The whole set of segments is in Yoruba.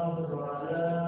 الله تعالى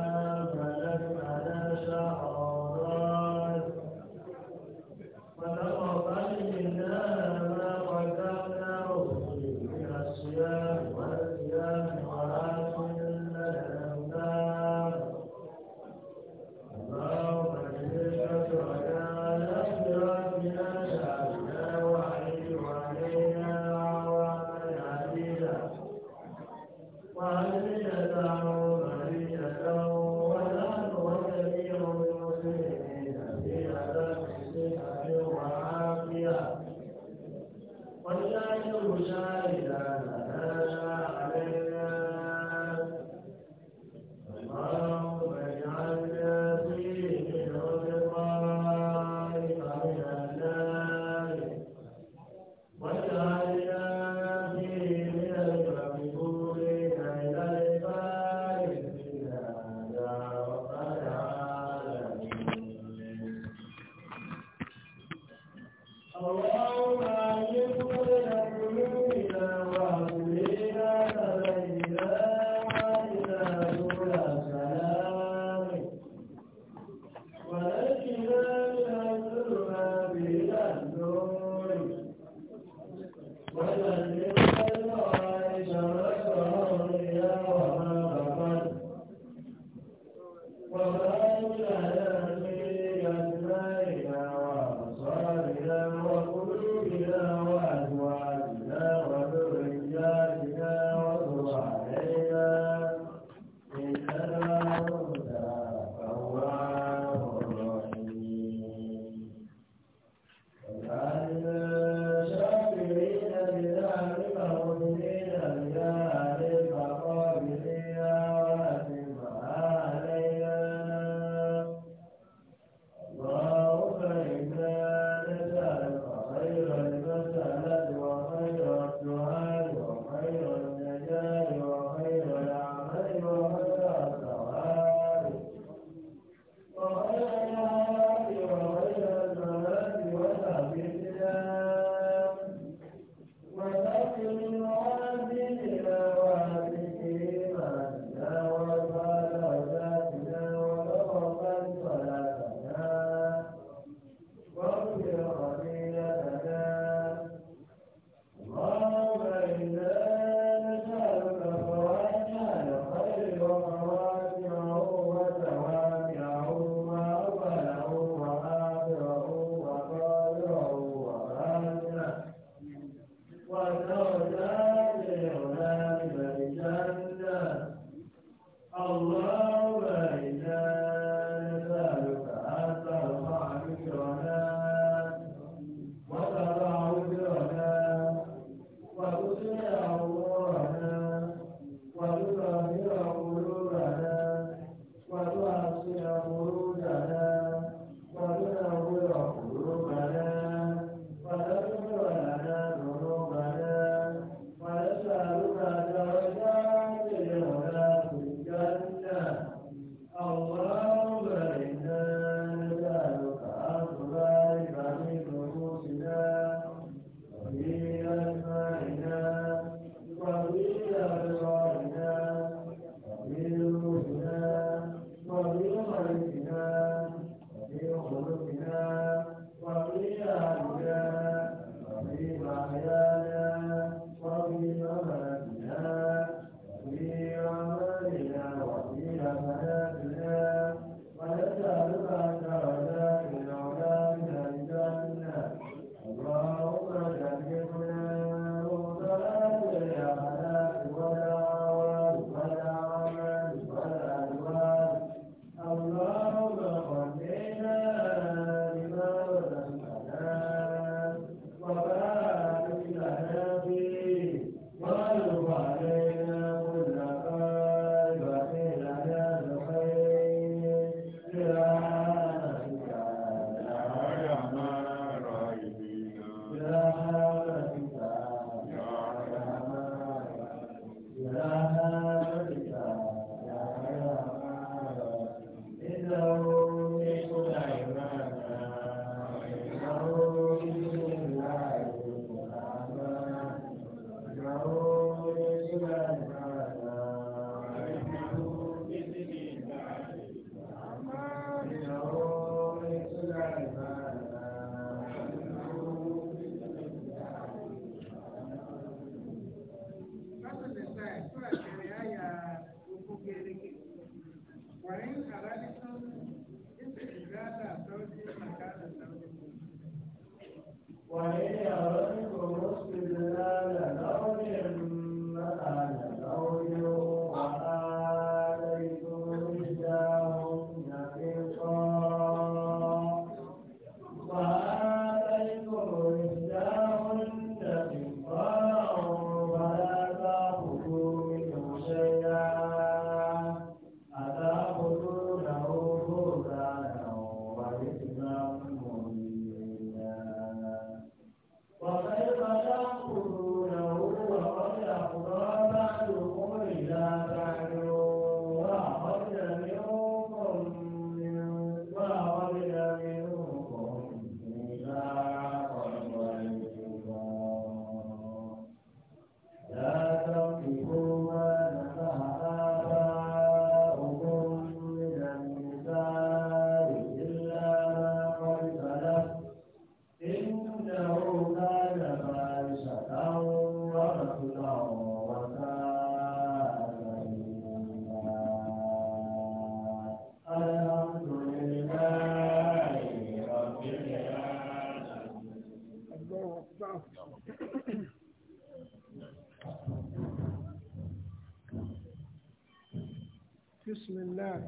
بسم الله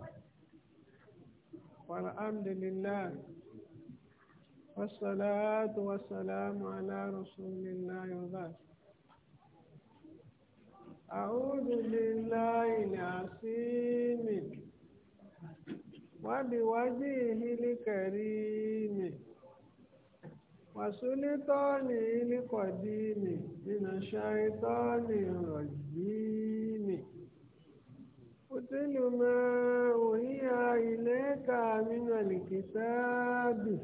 والحمد لله والصلاة والسلام على رسول الله وبعد أعوذ بالله العظيم وبوجهه الكريم وسلطانه القديم من الشيطان الرجيم òtúlù máa òyìnbá ilẹ̀ ẹ̀ka mínú àlìkìsáàbì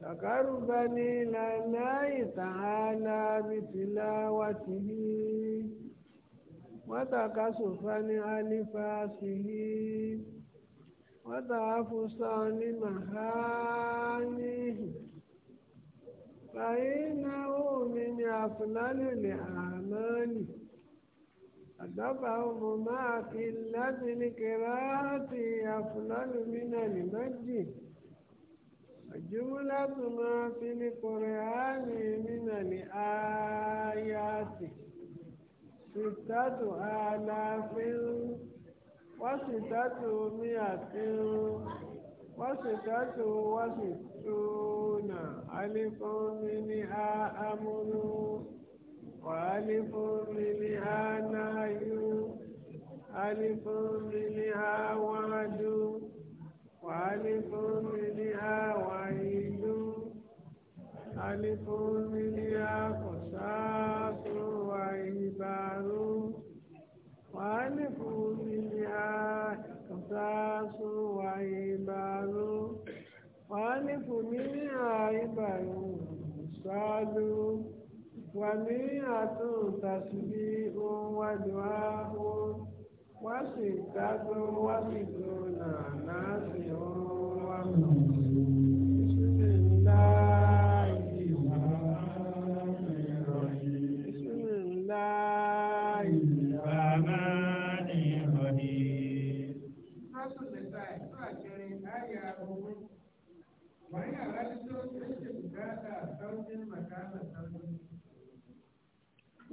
tàkàrùbani lànà ìtàhálà bìtìlá wà tìhí wátàkásùfani alifa síhí wátàáfùsàn ní màhánìhì fàyínà òmìnira fúlálẹ̀ àmọ́nì. أدبهم ما في اللذن قراءة أفضل من المجد جملة ما في القرآن من الآيات ستة آلاف وستة مئة وستة وستون ألف منها أمر وألف منها نهي ألف منها وعد وألف منها وعيد ألف منها قصاص وعبار وألف منها قصاص وعبار وألف منها عبر صادق wàmí àtúntàṣubí ohun wájúwá ohun wá sì dágbó wá sì dùn náà náà ohun wá.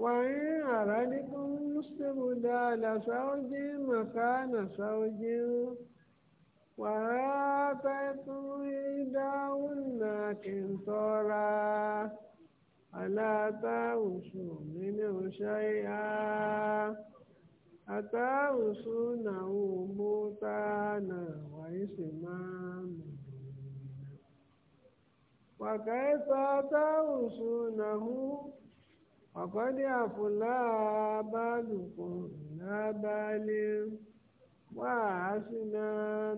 وإن أردتم استبدال زوج مكان زوج وآتيتم إحداهن قنطارا فلا تأوسوا منه شيئا أتأوسونه بهتانا وإثما وكيف تأوسونه ọ̀kọ́dé àfúlá bálùkùn lábálẹ̀ wá àásínà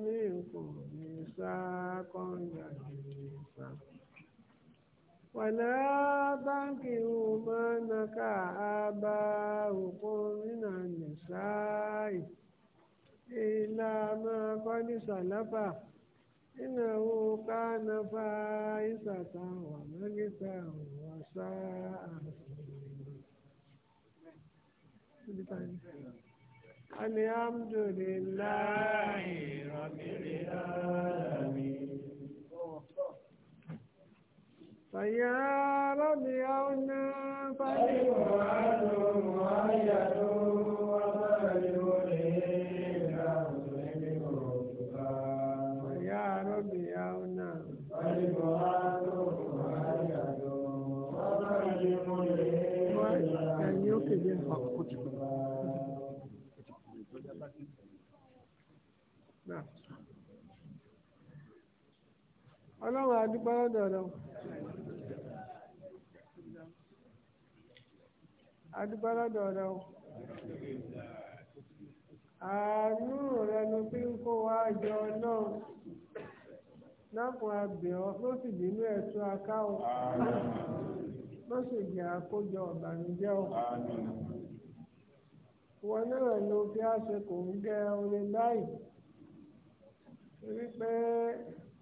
mìkùn nìṣàkọ́n jàdìrì sá. wàlá báńkì ọmọnàkà àbá òkun nínà nìṣáì ìlànà kọ́ni sàlápà ìnáwó kánafà ìsàtà wàmọ́gẹ́ta wàṣà àṣà. Alhamdulillahi rabbil alamin. Fàyà rọ́bì ọ̀nà fàyà wà lọ́wọ́ àyàdó. ọlọ́run adúpẹ́ lọ́dọ̀ lọ. adúpẹ́ lọ́dọ̀ lọ. àánú rẹ ló fi ń kó wá jọ náà lákùn abẹ ọ ló sì bínú ẹ̀sùn aká o ló sì jẹ́ àkójọ ọ̀bànújẹ́ o wọn náà ló fi àṣẹ kò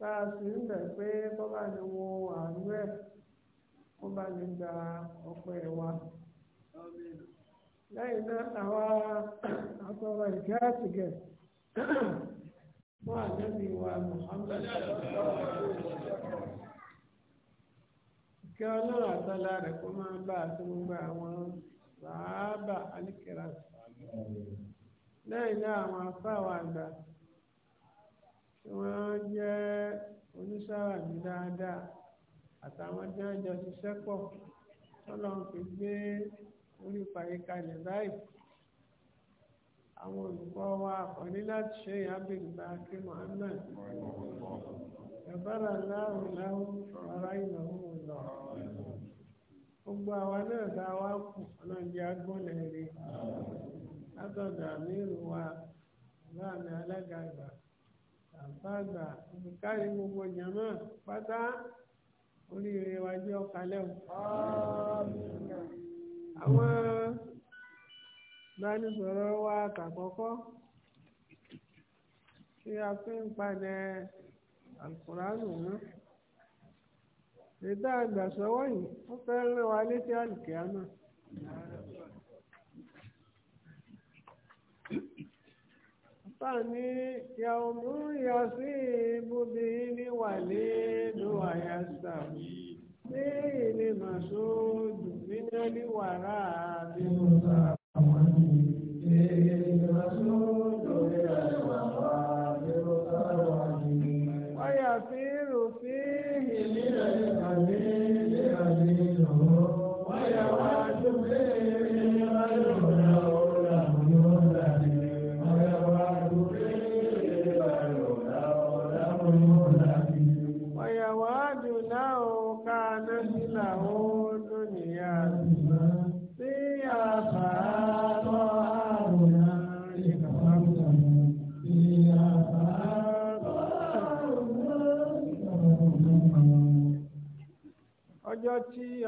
tá a sì pé kó bá wo àánú ẹ̀ kó bá ní gba ọpẹ́ wa. lẹ́yìn náà àwa àtọ̀rọ̀ ìkẹ́ àtìgẹ̀ fún àjẹ́bí wa Muhammad kí ọlọ́run àtàlà rẹ̀ kó máa bá àti gbogbo àwọn sàábà lẹ́yìn náà àwọn afáwọn àgbà. wọn wọ́n jẹ́ oníṣàrà mi dáadáa àtàwọn tí wọ́n jọ ṣiṣẹ́ pọ̀ fi gbé orí parí báyìí àwọn olùkọ́ wa ọ̀ní láti ṣe àbẹ̀gbà kí Muhammad ẹ̀bára láàrú ọ̀rá ìnáwó lọ. gbogbo àwa náà tá a wá kù agbọ́nlẹ̀ látọ̀dọ̀ àmì ìrù wa láàmì alága ìgbà. àfáàgbà olùkárí gbogbo jàmọ́ pátá oríire wa jẹ́ ọ̀kalẹ́ o. àwọn ìbánisọ̀rọ̀ wa tàkọ́kọ́ tí a fi ń palẹ̀ àkùránù mọ́ ètò àgbàsọ́wọ́ yìí ó fẹ́ rán wa létí àlùkìá náà. fani yaumu yasibu bini walidu wa yastawi bini masudu minali wara bimusa wa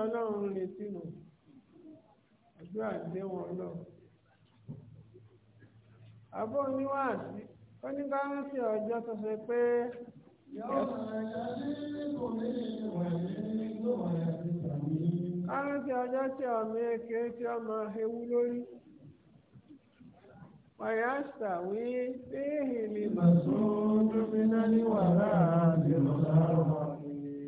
ọlọ́run retí nù àdúrà dé wọn náà. àbọ̀ oníwàásí ó ní ká rántí ọjọ́ tó ṣe pé. Kárántí ọjọ́ tí ọmọ eke tí ọmọ ewu lórí. bí ìhìlì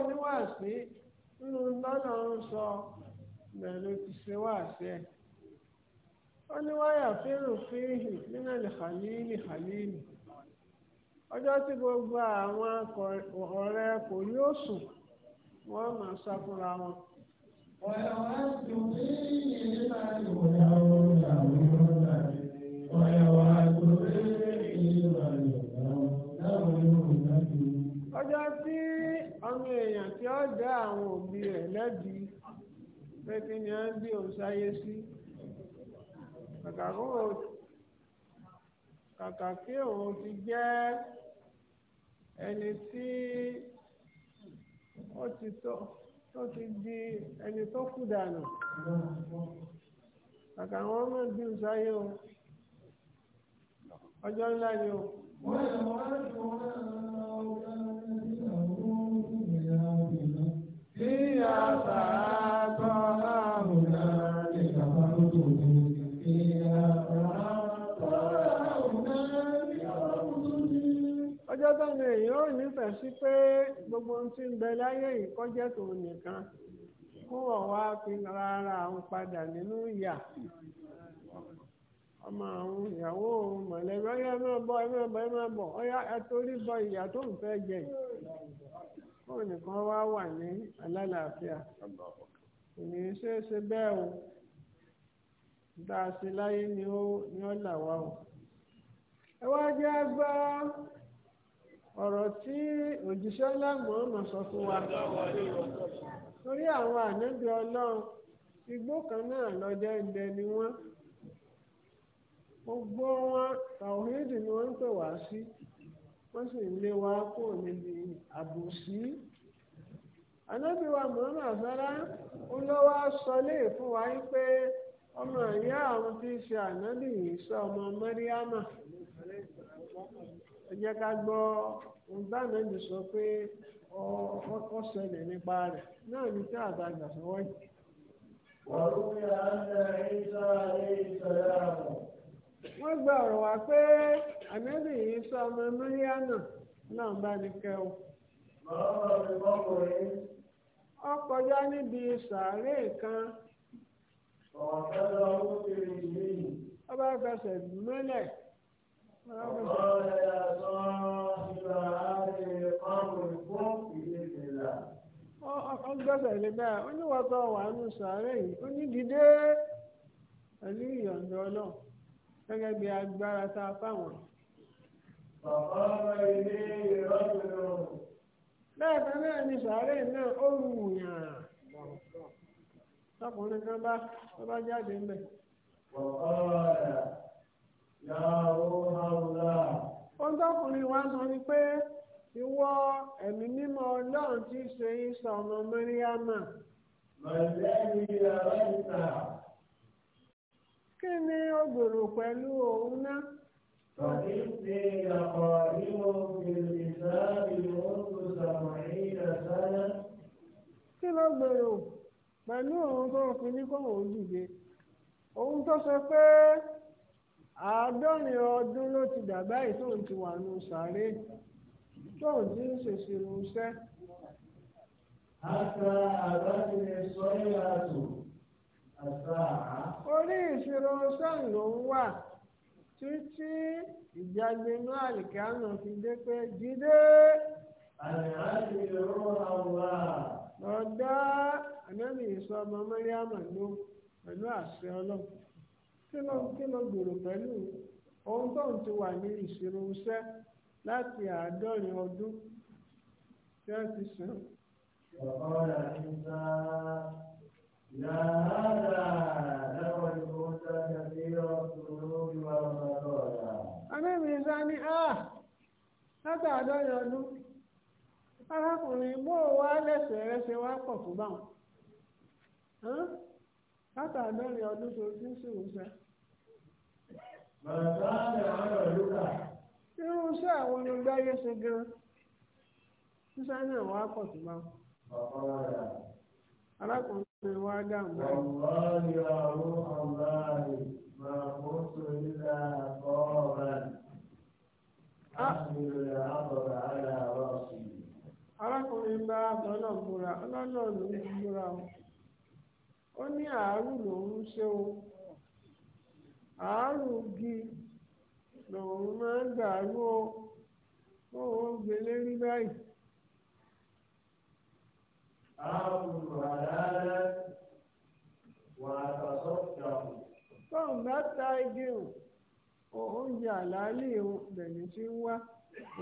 oníwàásí nínú lọ́nà ń sọ bẹ̀rẹ̀ ti ṣe wáàsí ẹ̀ ó ní wáyà fẹ́rù fíhì nínú ìhàlílì ìhàlílì ọjọ́ tí gbogbo àwọn ọ̀rẹ́ kò ní òṣù wọ́n máa sá fúnra wọn. ọ̀rẹ́ wa dùn ní ìlú náà ìwòyà òun ọjọ́ tí. ọmọ èèyàn tí ó dá àwọn òbí rẹ̀ lẹ́bi pé kí ni wọ́n bí òun sáyé sí kàkà kí òun ti jẹ́ ẹni tí ó ti tó tó ti di ẹni tó kú dànù kàkà wọn náà bí òun sáyé o ọjọ́ ńlá ni o. wọ́n yẹ wọ́n yẹ kí wọ́n yẹ ọ̀gá. ọjọ́ táwọn èèyàn ò nífẹ̀ẹ́ sí pé gbogbo ohun tí ń bẹ láyé ìkọ́jẹ́ tòun nìkan fún ọ̀wá fi rárá àwọn padà nínú ìyà ọmọ àwọn ìyàwó òun mọ̀lẹ́bí ọyá ẹ máa bọ̀ ẹ máa bọ̀ ẹ máa bọ̀ ọyá ẹ torí bọ ìyà tó ń fẹ́ jẹ fóònù nìkan wá wà ní alálàáfíà kò ní í ṣeé ṣe bẹ́ẹ̀ o a ṣe láyé ni ó ni ó là wá o. ẹ wá jẹ́ gbọ́ ọ̀rọ̀ tí sọ fún wa torí àwọn ànábì ọlọ́run igbó kan náà lọ́jọ́ ìdẹ ni wọ́n gbogbo wọn tàwọn wọ́n sì lé wa kó níbi àbòsí. ànábì wa mọ̀ọ́mọ́ àfẹ́rá ń wá sọ léè fún wa pé ọmọ ìyá àwọn tí í ṣe ànábì yìí sọ ọmọ mẹ́ríámà ẹ ká gbọ́ ohun sọ pé ṣẹlẹ̀ nípa rẹ̀ náà ní tí àgbà gbà wọ́n ọ̀rọ̀ wá pé. ànábì yìí sọ ọmọ náà bá ní kẹ́wọ́. Ọ kọjá níbi ó bá fẹsẹ̀ mọ́lẹ̀. قال يا صاحب هذه القبر قم بإذن gbẹ́sẹ̀ lé báyà wà yìí bí agbára tá a fáwọn bẹ́ẹ̀ kan náà ni sàárẹ̀ náà ó wùyàn tọkùnrin kan bá tó bá jáde ń bẹ̀. ohun tọkùnrin wa sọ ni pé ìwọ ẹ̀mí ti ṣe ọmọ ìta. kí ni o gbèrò pẹ̀lú òun náà. فإني لقائم في الكتاب kí ló gbèrò pẹ̀lú òun tó fi ní kóhùn dìde òun tó sọ pé àádọ́rin ọdún ló ti tóun ti wà nù tóun ti ń àṣà tó àṣà. orí ìṣirò sẹ́yìn ló ń wà. títí ìjàgbénú àlìkánu fi dé pé jíde. àlìkánu ló wà wá. lọ́dá ànábì ìsọ ọmọ mẹ́ríàmà ló pẹ̀lú àṣẹ ọlọ́run kí ló kí ló gbèrò pẹ̀lú ohun tó ń ti wà ní ìṣirò iṣẹ́ láti àádọ́rin ọdún tí wọ́n ti sàn. ọ̀pọ̀lọpọ̀ ìgbà yàrá dáwọ́ ìfowópamọ́ ìgbà tí wọ́n ti rọ́ọ̀tún lórí wa. musa ní a ah, látàádọ́rin ọdún arákùnrin bó o wá lẹ́sẹ̀ rẹ wá pọ̀ fún báwọn ọdún tó ti ń sìn musa. bàbá irú iṣẹ́ àwọn olùgbáyé ṣe gan-an musa náà wá fún báwọn. arákùnrin wa dáhùn ọ̀gbọ́n ọ̀gbọ́n arákùnrin bá lọ́nà múra ọlọ́nà ló ń múra o ó ní àárù ṣe o àárù gi lòun máa ń dàrú o òun gbé lérí báyìí. àárù àlàálẹ̀ wà àtàsọ́ọ̀tà. tóun bá ta igi o. oúnjẹ àlàálì bẹ̀mí tí ń wá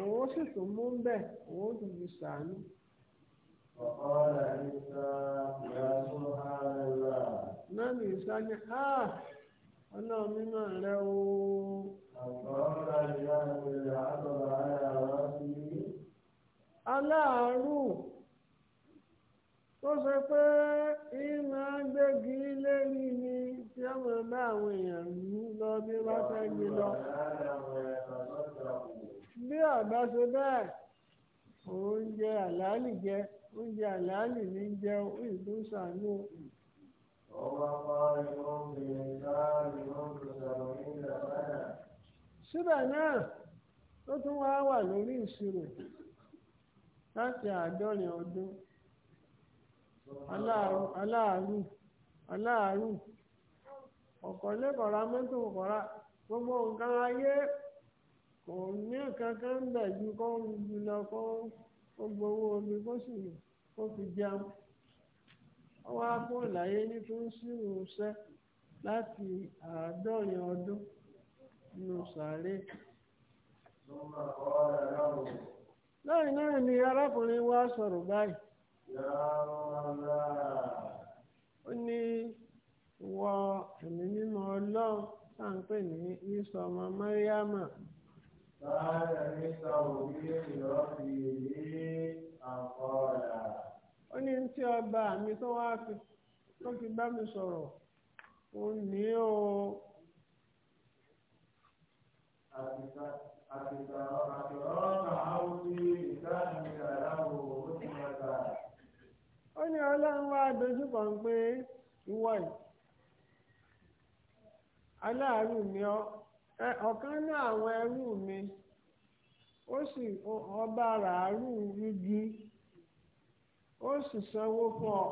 òun sì tún mú bẹ́ẹ̀ òun tún fi sàánú. ọ̀pọ̀lọpọ̀ ìta ìyá tó há lẹ́la. mẹ́rin ìsáni á ọlọ́run mímọ́ rẹ o. ọ̀pọ̀lọpọ̀ ìyá ìyá àbọ̀lá ara wa sí. aláàárù. tó ṣe pé iná gbégi lérí ni tí ó máa bá àwọn èèyàn mú lọ bí wọ́n fẹ́ gbé lọ. bí ọ̀dọ́ ṣe bẹ́ẹ̀ oúnjẹ àlàálì jẹ oúnjẹ àlàálì ní jẹ ìlú sànú. síbẹ̀ náà ó tún wá wà lórí ìṣirò láti àádọ́rin ọdún. aláàánú aláàánú ọ̀kọ̀ lẹ́kọ̀ọ́ra mẹ́tò kọ̀ọ̀ra gbogbo nǹkan ayé kò ní kankan ń bẹ̀ ju kó ń jùlọ kó ó gbowó omi kó sì kó fi jẹun ó wá láyé ní tó ń sírò ṣẹ́ láti àádọ́rin ọdún nínú sàárè. lẹ́yìn náà ni ó ní wọ ẹ̀mí mímọ́ ọlọ́run tá à ń pè ní yíṣọ ọmọ mọ́ríámà. báyọ̀ òbí ó ní tí ọba mi tó wá tó fi bá mi sọ̀rọ̀ ó ní o. ní ọlọ́run wá dojú kan pé ìwọ yìí aláàárù mi ọ ọ̀kan náà àwọn ẹrú mi ó sì ọba ràárù igi ó sì sanwó fún ọ.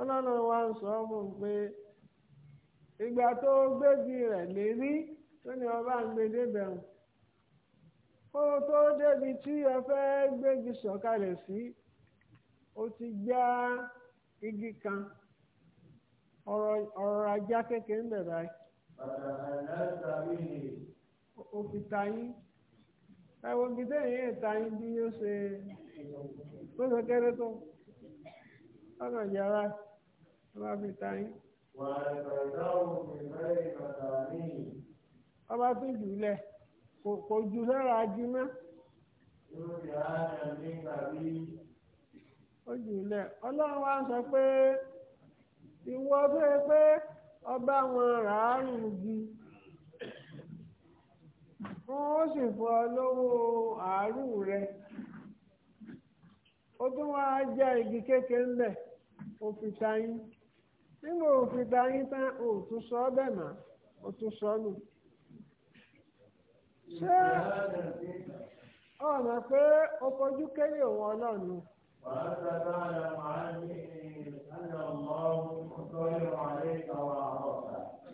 ọlọ́run wa ń sọ fún pé ìgbà tó gbégi rẹ̀ lérí tó ní ọba ń gbé kó o tó débi tí o fẹ́ gbégi sọ̀kalẹ̀ sí o ti já igi kan ọ̀rọ̀ ajá kékeré ń bẹ̀ báyìí. o fi ta yín ẹ wo ibi téèyàn yẹn ta yín bí yóò ṣe tó ṣe kéré tó ọ̀nà ìyára tó bá fi ta yín. wàá ẹ̀ka ìdáhùn ìfẹ́ ìkàtà ní. ọba tún jù ú lẹ̀. kò jù lára ajímọ́. ó jù lẹ̀ ọlọ́run wá sọ pé ìwọ fẹ́ pé ọba wọn ràárùn gi wọn ó sì fọ lọ́wọ́ àárù rẹ ó tún wá já igi kékeré ńlẹ̀ òfin tayín nígbà òfin tayín tán òtún sọ ọ́ bẹ̀ mọ́ òtún sọ nù. ṣé ọ̀nà pé o fojú kéré òun ọlọ́run.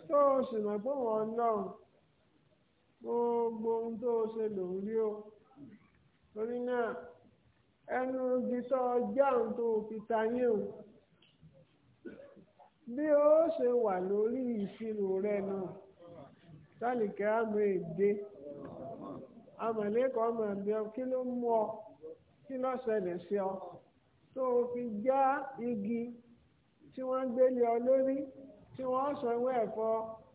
tó o sì mọ̀ pé òun ọlọ́run gbogbo ohun tó o ṣe lòun rí o torí náà ẹnu ibi tó o jáun tó o fi ta yín o bí o ṣe wà lórí ìṣirò rẹ náà sálìkẹ́ àmọ́ èdè amọ̀lẹ́kọ̀ ọmọ ẹ̀mí ọ kí ló mú ọ kí ló ṣẹlẹ̀ sí ọ tó o fi já igi tí wọ́n ń gbélé ọ lórí tí wọ́n sọ ìwé ẹ̀fọ́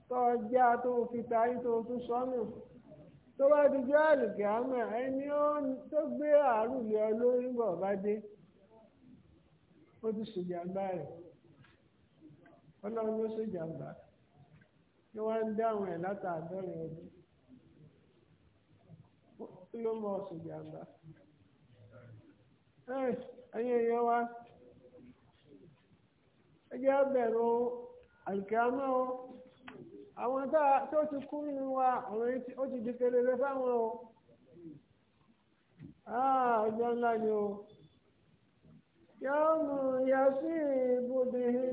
tó o já tó o fi tarí tó o tún sọ́nù tó bá ti jẹ́ àlùkè àmọ́ ẹni tó gbé àárùn lé ọ lórí bọ̀ bá dé ó ti ṣèjàmbá rẹ̀ ọlọ́run ló ṣèjàmbá ni wọ́n ń dáhùn ẹ̀ látàádọ́rin ọdún. yóò mọ ọ̀sùn E ẹ̀yin èèyàn wa ẹ jẹ́ bẹ̀rù àlùkìyámà o àwọn ti kú wa ọ̀rọ̀ yìí ó ti di kelele fáwọn o ọjọ́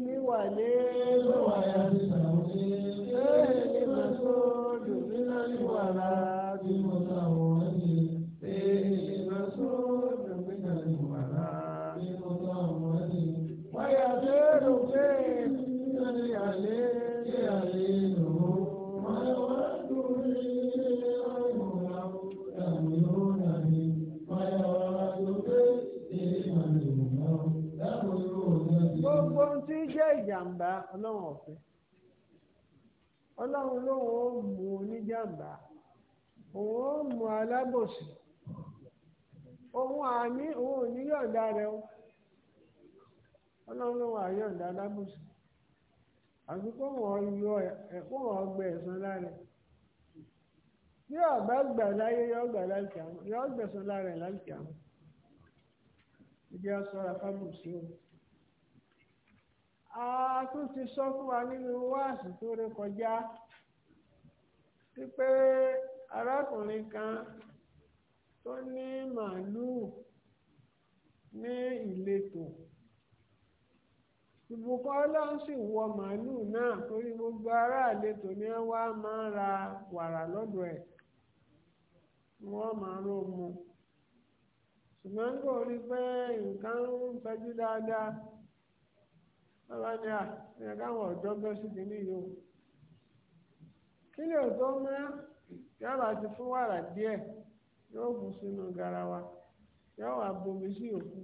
ní wà ní ìlú àyà ni jàǹbá ọlọ́run ọ̀fẹ́ ọlọ́run lóun ó mú oníjàǹbá òun ó mú alábòsí òun àní òun ò ní yọ̀ǹda rẹ o ọlọ́run lóun àyọ̀ǹda alábòsí àti kó wọn yọ ẹkọ wọn gbẹ ẹ̀san lára bí ọba gbà láyé yọ gbà láìkí àwọn yọ gbẹ̀san lára ẹ láìkí àwọn ìdí ọsọ afábùsí o. a tún ti sọ fún wa nínú wáàsì tó kọjá. wípé arákùnrin kan tó ní màálùú ní ìletò ìbùkún ọlọ́run sì wọ màálùú náà torí gbogbo ará àletò ni wá máa ń ra wàrà lọ́dọ̀ ẹ̀ wọ́n máa ró mu ṣùgbọ́n kò rí pé nǹkan ń fẹjú dáadáa. bàbá ni à ẹ̀ káwọn ọjọ bẹ́ sí ti ní kí ni ò yàrá ti fún wàrà yóò bù sínú garawa yóò wá bomi sí òkú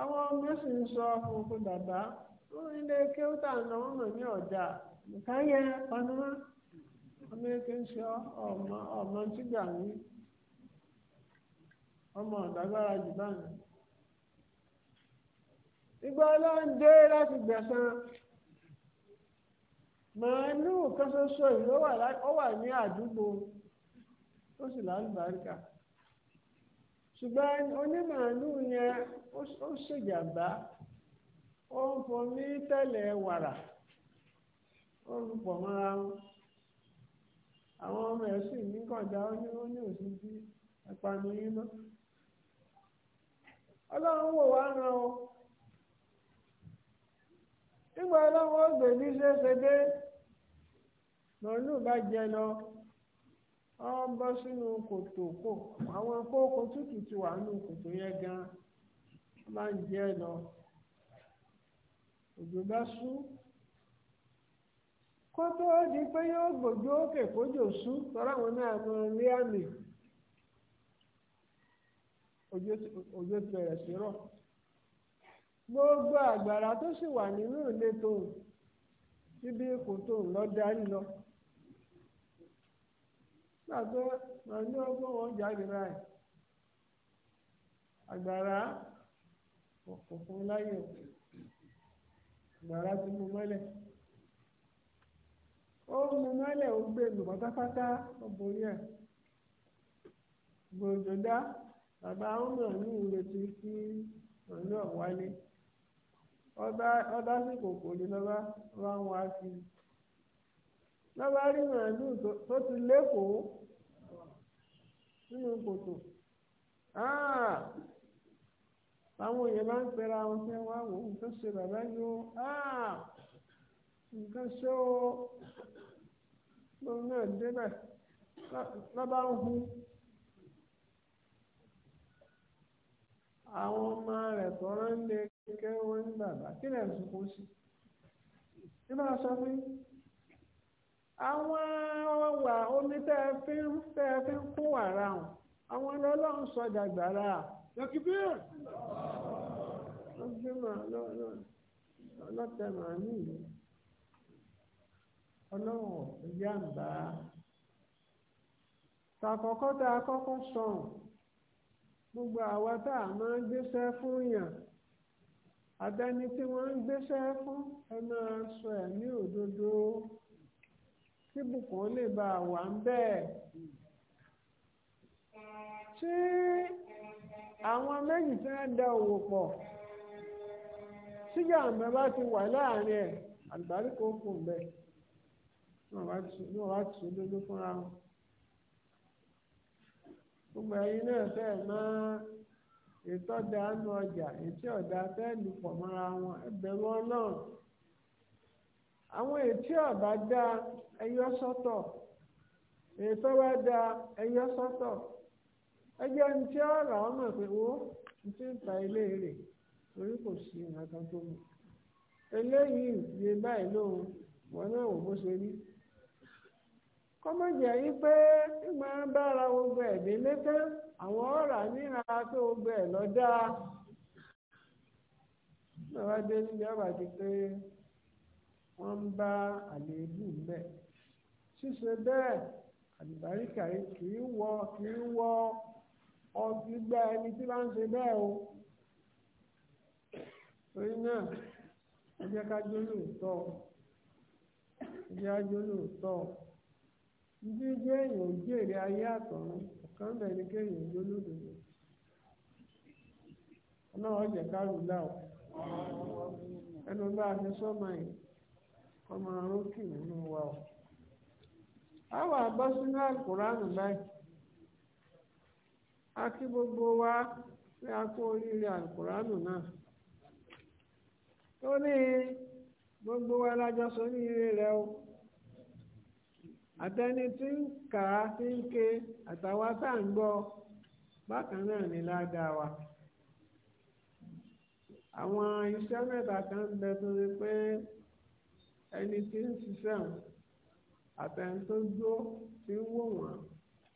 àwọn ọmọ sì ń sọ fún fún bàbá wọn ilé kéwútà náà wọn mọ ní ọjà nǹkan ọmọ eke ń sọ ọmọ ọmọ ìgbà ọlọ́run dé láti gbẹ̀san màálù kan ṣoṣo ìlú ó wà ní àdúgbò ó sì lálùbáríkà ṣùgbọ́n onímàálù yẹn ó ṣèjàmbá ó ń fún ní tẹ́lẹ̀ wàrà ó ń pọ̀ àwọn ọmọ ẹ̀ sì ní kọjá ó ní ó ní òsì bí nígbà ọlọ́wọ́ gbèbí ṣeéṣe dé màálù bá jẹ lọ ọ bọ́ sínú kòtò kò àwọn kókó tútù wà nínú kòtò yẹn gan máa ń jẹ lọ òjò bá sú di pé yóò òkè kójò sú tọ́lá náà mọ rí àmì òjò ti gbogbo àgbàrá tó sì wà nínú ìletò síbi ikùn tó lọ darí lọ gbàgbọ́ màá ní ọgbọ́n wọn jáde báyìí àgbàrá òkùnkùn láyè àgbàrá ti mú mọ́lẹ̀ ó mú mọ́lẹ̀ ó gbé e lù pátápátá bàbá ọmọ mi retí ọ̀nà wálé. ọdá àsìkò kò lè lọ́ba wá ń wá kiri lọ́ba rí tó ti lẹ́kọ̀ọ́ nínú kòtò àwọn èèyàn bá ń pera wọn fẹ́ wá wò ó nǹkan ṣe bàbá yìí ó nǹkan ṣe ó náà débẹ̀ lọ́ba ń hu àwọn rẹ̀ ń kékeré wọn ní bàbá kí lè ń sunkún sí kí máa sọ pé àwọn ọwà omi tẹ́ ẹ fi ń tẹ́ ẹ fi ń kún wàrà hàn àwọn ọlọ́run sọ dàgbàrà lọ́kìbí ọlọ́tẹ̀mọ̀ ní ìlú ọlọ́run ìyáǹbá tàkọ́kọ́ tá a kọ́kọ́ sọ̀rọ̀ gbogbo àwa tá a máa ń gbéṣẹ́ fún yàn àbẹni tí wọ́n ń gbéṣẹ́ fún ẹ máa sọ ẹ̀mí òdodo kí bùkún lè bá wà ń bẹ́ẹ̀. tí àwọn méjì tí wọ́n da òwò pọ̀ síjà àmọ́ bá ti wà láàrin ẹ̀ àgbáríkò kò ń bẹ̀ ní wọ́n wá tù ú lójú fúnra wọn. gbogbo ẹ̀yin náà fẹ́ẹ̀ máa. ìtọ́jà nu ọjà ètí ọ̀dà tẹ́ẹ̀lì pọ̀ wọn ẹgbẹ̀rún ọlọ́run àwọn ètí dá ẹyọ sọ́tọ̀ ètò wa dá ẹyọ sọ́tọ̀ ẹjọ́ ní tí ọmọ pé ní tí ń ta ilé rẹ̀ torí kò sí nǹkan tó mú eléyìí yé báyìí kọ́mọ jẹ́ yí pé ìgbà bára gbogbo ẹ̀mí létá àwọn ọ̀rà níra tó gbogbo ẹ̀ lọ́dá lọ́wọ́ dé níbi ọ̀bà ti pé wọ́n ń bá àléébù mẹ́ ṣíṣe bẹ́ẹ̀ àlùbáríkà kì í wọ kì í wọ ọtí gbá ẹni tí bá ń ṣe bẹ́ẹ̀ o torí náà ẹ jẹ́ ká jó lóòótọ́ ẹ jẹ́ ká jó lóòótọ́. ndị jẹ́ èèyàn jèrè ayé ka ọ̀kan bẹ̀ ni kéèyàn jó lódodo ọlọ́run jẹ́ kárù láò ẹnu bá a ṣe sọ́mọ yìí ọmọ arókì wa o. àwọn a kí gbogbo wa pé a kó oríire tó ní gbogbo wa lájọ rẹ àtẹni tí ń kà á tí ń ké àtàwa tá à ń gbọ́ bákan náà ni ládàá wa àwọn iṣẹ́ mẹ́ta kan ń bẹ tó ṣe pé ẹni tí ń ṣiṣẹ́ wọn àtẹni tó dúró tí ń wò wọ́n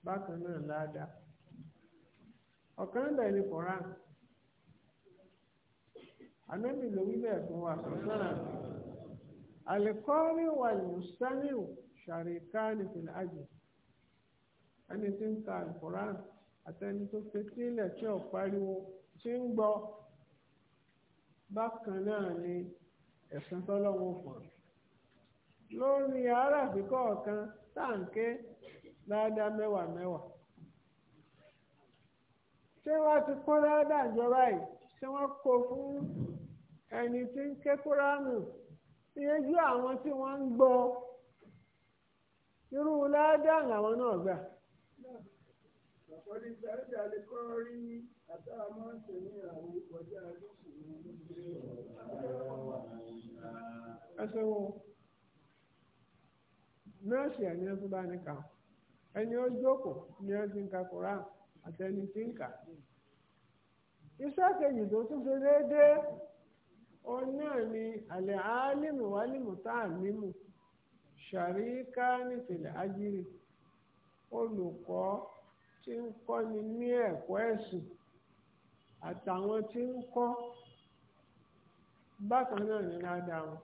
bákan náà ládàá ọ̀kan bẹ̀ ni koran anábì ló wí bẹ́ẹ̀ fún wa sọ̀tàn àlẹ́kọ́rí wà lùsánìwò. ṣàríkàní fìlà àjì ẹni tí ń ka alukoran àtẹni tí pariwo ń lórí aráàbí kọ̀ọ̀kan táǹkẹ́ ládàá mẹ́wàá mẹ́wàá ṣé wọ́n ti kó ìjọba yìí ṣé wọn kó fún ẹni tí ń ké àwọn tí irú ládàá làwọn náà gbà. ọ̀pọ̀lọpọ̀ ìgbà ẹ̀dá lè kọ́ bá ní kàn ẹni ó jókòó ń ka koran àtẹni tí ń kà. iṣẹ́ kejì tó tún ṣe déédéé òun ni àlẹ́ àálìmù wálìmù tá sharikani fil ajiri olùkọ́ tí ń kọ́ni ní ẹ̀kọ́ ẹ̀sìn àtàwọn tí ń kọ́ bákan náà ní ládàá wọn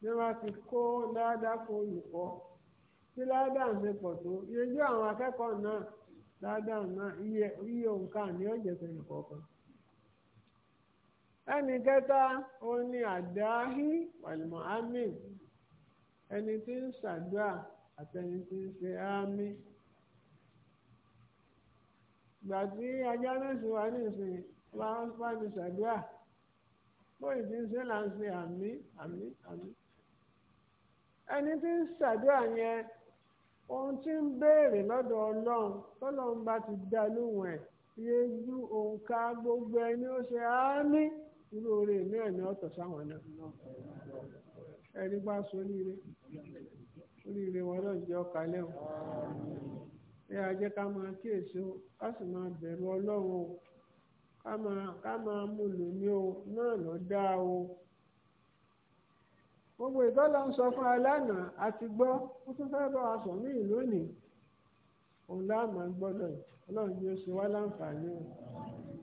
bí wọ́n ti kó ládàá kó olùkọ́ tí ládàá ń tó àwọn náà ní ẹni tí ń ṣàdúrà àtẹni tí ń ṣe ámì ìgbà tí ajá náà sì wà nísìn wá bá mi ṣàdúrà bóyì tí ń ṣe là ń ṣe àmì àmì àmì ẹni tí ń ṣàdúrà yẹn ohun tí ń béèrè lọ́dọ̀ ọlọ́run tọ́lọ́run bá ti dá lóhùn ẹ̀ yéjú òǹkà gbogbo ẹni ó ṣe ámì irú oore náà ni ọ̀tọ̀ sáwọn náà ẹni bá so oríire oríire wọn náà jẹ́ ọkà lẹ́wọ̀n ẹ ajẹ́ ká máa kíyèsí o ká sì máa bẹ̀rù ọlọ́run o ká máa ká máa mú lò ní o náà lọ dáa o gbogbo ìtọ́lá ń sọ fún alánà àti gbọ́ ó tún fẹ́ bá wa sọ ní ìlú nì òun láàmà gbọ́dọ̀ ọlọ́run yóò ṣe wá láǹfààní o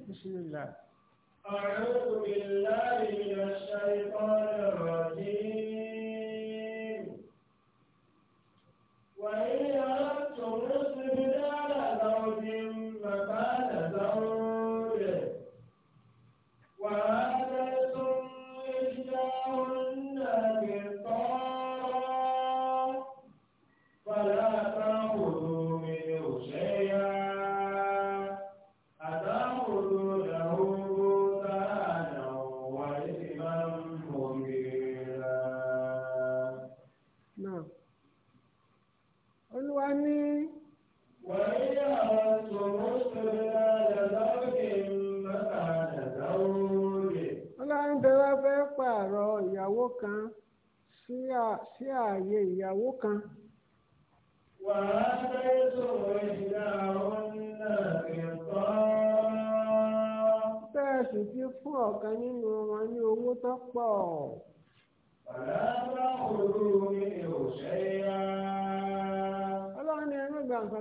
bísímìlà. أعوذ بالله من الشيطان الرجيم ¡Gracias!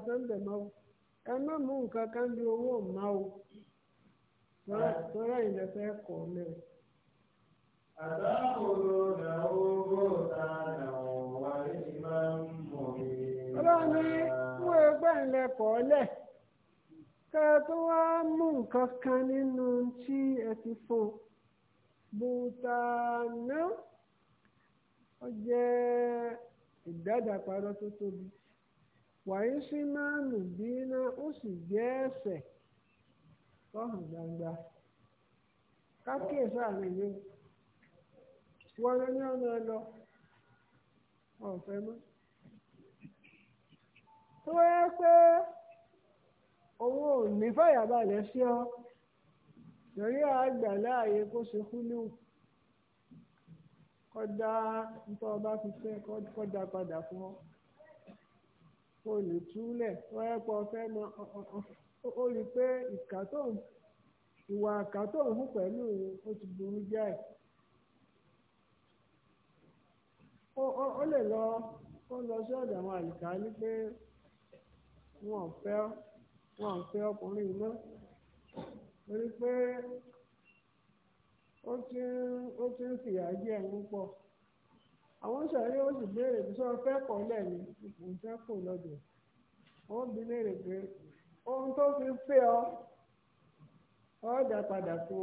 kan bẹ̀ mọ́ o ẹ má owó mọ́ tọ́lá ìlẹ̀ fẹ́ kọ́ mẹ́rin. àtàkùrọ̀ na ó bò tá a nà máa ń mọ̀ mí. ọlọ́run ní wọ́n ẹgbẹ́ ńlẹ̀ kọ́ lẹ̀ ká tó wá mú nǹkan kan wàyí sí mánù bínú ó sì jẹ́ ẹ̀ṣẹ̀ tọ́hàn gbangba kákíyèsí àmì mi wọ́n lọ ní ọ̀nà lọ ọ̀fẹ́ mọ́ tó yẹ pé owó ò ní fàyàbalẹ̀ sí ọ lórí àgbà láàyè kó ṣe kúlíù kódà nítorí ọba fi fẹ́ kódà padà fún ọ olùtúlẹ̀ wẹ́pọ̀ fẹ́ mọ ó rí i pé ìwà àkàtọ̀ òun pẹ̀lú o ti burú jáì ó lè lọ ó lọ sí ọ̀dọ̀ àwọn àlùkà ní pé wọn ò fẹ́ wọn ò fẹ́ ọkùnrin mọ́ torí pé ó ti ń fìyà jẹ púpọ̀. àwọn sọ̀rọ̀ o sì béèrè bí sọ fẹ́ pọ̀ lẹ́yìn ipò fẹ́ pọ̀ lọ́dọ̀ wọ́n bí léèrè ohun tó fi fẹ́ ọ ọ̀dà padà tó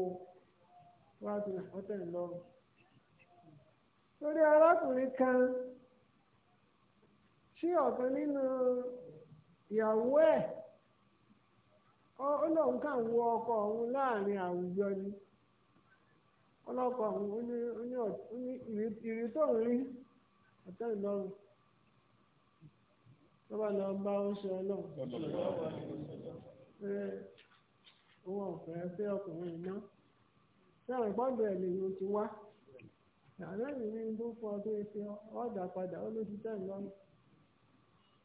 wá sí ọ̀tẹ̀ lọ. torí arákùnrin kan ṣí ọ̀kan nínú ìyàwó ẹ̀ ó lóun kàn wọ ọkọ òun láàrin àwùjọ ni. ọlọ́kọ̀ ọ̀hún ó ní ìrì tó ń rí ọ̀tẹ́ ìlọrin tó bá lọ bá ṣe ọlọ́run ọ̀fẹ́ fẹ́ ọkùnrin iná sẹ́wọ̀n ìpọ́nbẹ̀ ẹ̀ ti wá àlẹ́yìn ní tó fọ tó ṣe ọ̀dà padà ó ló ti tẹ̀ lọ́nà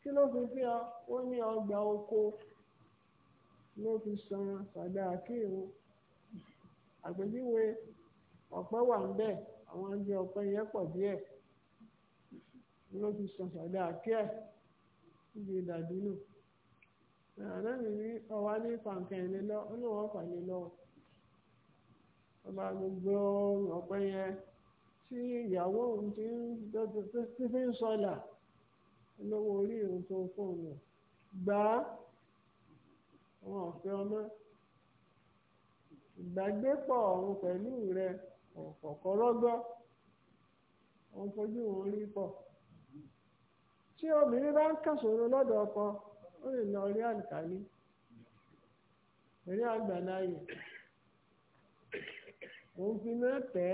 kí ló fi fi san sàdá àkíyèwò ọ̀pẹ wà ń bẹ̀ àwọn ibi ọ̀pẹ yẹn pọ̀ díẹ̀ ló fi sàn sàdá kíẹ̀ níbi ní ọwá ní pàǹkà olóòwò ọba gbogbo yẹn tí ìyàwó òun ti ń ń sọlà olówó orí òun tó gbà á wọn ò ọ̀fọ̀kọ́rọ́gbọ́ òun fojú rí pọ̀ tí obìnrin bá ń kàṣòro lọ́dọ̀ ọkọ ó lè lọ rí àlùkálí rí àgbàláyè òun fi náà tẹ́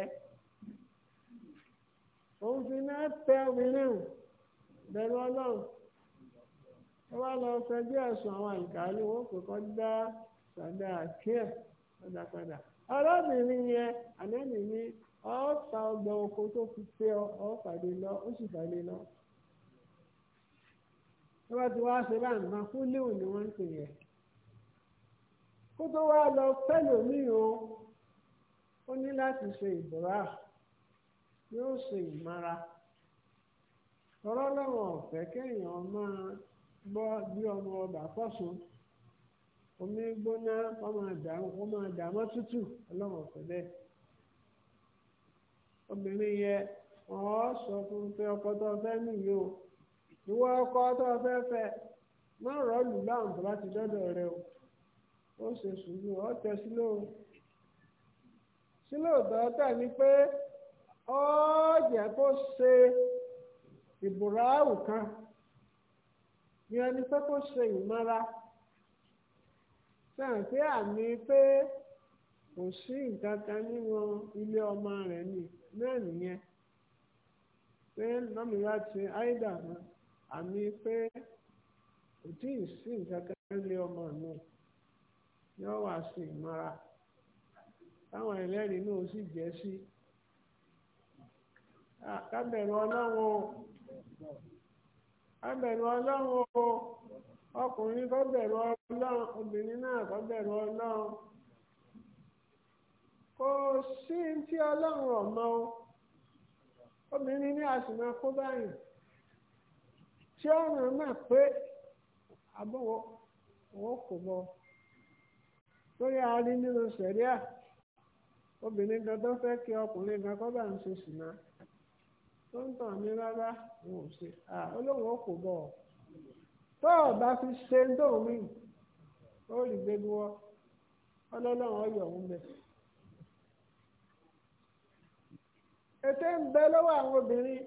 òun fi náà tẹ́ obìnrin bẹ̀rù ọlọ́run ó wá lọ ẹ̀sùn àwọn àlùkálí wọn kò kọ́ dá sàdá arábìnrin yẹn ànẹ́mì ní ọ̀ọ́ta ọgbà oko tó fi pé lọ ó sì lọ. tó bá ti wá ṣe báyìí nǹkan fún léwu ni wọ́n ń pè yẹn. kó tó wá lọ pẹ́lòmíì o ó ní láti ṣe ìbúra yóò ṣe ìmara tọ́lọ́lọ́wọ̀n ọ̀fẹ́ kéèyàn máa omi gbóná wọ́n máa dà wọ́n máa dà mọ́ tútù ọlọ́run ọ̀fẹ́ bẹ́ẹ̀. obìnrin yẹ wọ́n sọ fún pé ọkọ tó fẹ́ nìyí o ìwọ ọkọ tó fẹ́ fẹ́ má rọ́ọ̀lù báwọn tó bá ti dọ́dọ̀ rẹ o ó ṣe sùúrù ó tẹ sílò sílò tọ́tà ni pé ó jẹ́ kó ṣe ìbùràáwù kan ni ẹni pé kó ṣe ìmọ̀ra. sàn pé àmì pé kò sí nǹkan kan níwọ̀n ilé ọmọ rẹ̀ ni náà nìyẹn pé lọ́mìíràn ti áìdà mọ́ àmì pé kò tí ì sí nǹkan kan nílé ọmọ mi yóò wá sí ìmọ̀ra táwọn ẹlẹ́rìí náà sì jẹ́ sí kábẹ̀rù ọlọ́run o kábẹ̀rù o. ọkùnrin kó bẹ̀rù ọlọ́run obìnrin náà kó bẹ̀rù ọlọ́run kò sí tí ọlọ́run ọ̀mọ́ o obìnrin ní àsìmọ́ kó báyìí tí ọ̀ràn náà pé àbọ̀wọ̀ wọn kò bọ̀ lórí arí nínú sẹ̀ríà obìnrin kan tó fẹ́ kí ọkùnrin gan kó bá ń ṣe sìnà tó ń tàn mí rárá wọn ò ṣe olóhùn ó kò bọ̀ tó o fi ṣe ń dòun mí ó rí gbégbé wọ ọlọ́lọ́run ọyọ̀ ń bẹ. ètè ń bẹ lọ́wọ́ àwọn obìnrin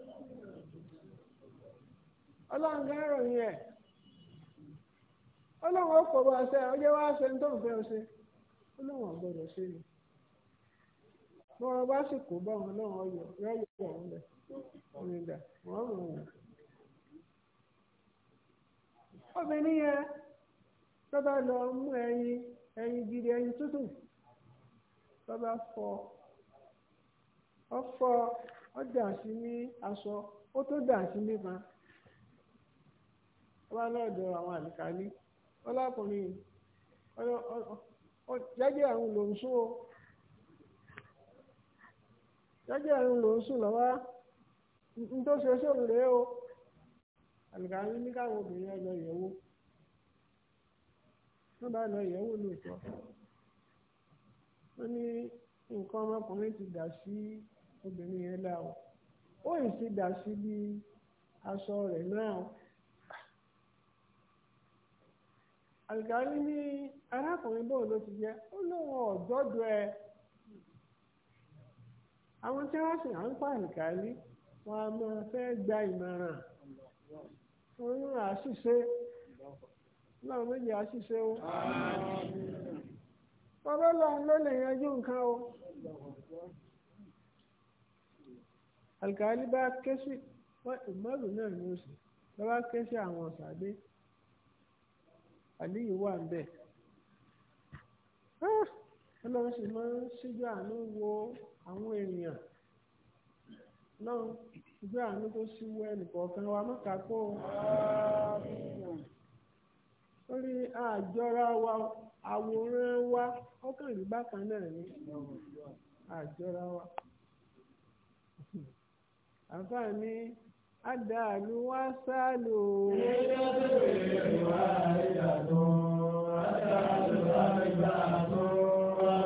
ọlọ́run gan ròyìn ẹ̀ ọlọ́run ó kò wá ṣe wá ṣe ń fẹ́ ṣe ọlọ́run ọ bụ tó bá lọ mú ẹyin ẹyin ẹyin tútù tó fọ ọ fọ ọ dà sí ní aṣọ ó tó dà sí nípa ó bá lọ́dọ̀ àwọn àlìkálí ọlọ́kùnrin jẹ́jẹ́ àrùn ló ń àlùkàrí ní káwọn obìnrin ẹ lọ yẹ̀wò wọ́n bá lọ yẹ̀wò lóòótọ́ wọ́n ní nǹkan ọmọkùnrin ti dà sí obìnrin yẹn láwọ ó yìí ti dà sí bí aṣọ rẹ̀ náà àlùkàrí ní arákùnrin bóun ló ti jẹ́ ó lóun ọ̀dọ́dọ̀ ẹ àwọn tí wọ́n sì à ń pa àlùkàrí wọn a máa fẹ́ gba ìmọ̀ràn oyún àṣìṣe náà méjì àṣìṣe o bàbá ló lè yanjú nǹkan o alkali bá ké sí ìmọ̀lù náà ní oṣù bá ké sí àwọn ọ̀sàdé àlíyìí wà ń bẹ̀ ah! ọlọ́run sì máa ń ṣíjú àánú wo àwọn èèyàn náà. ṣùgbọ́n àánú tó ṣíwó ẹnìkọ̀ọ̀kan wa mọ́ta kó lórí àjọra wa àwòrán wa ọkàn rí bákan náà ni àjọra wa. àǹfààní àdàlù wá sálò. ilé ìwé wa ìyàtọ̀ àdàlù wá ìgbà tó wá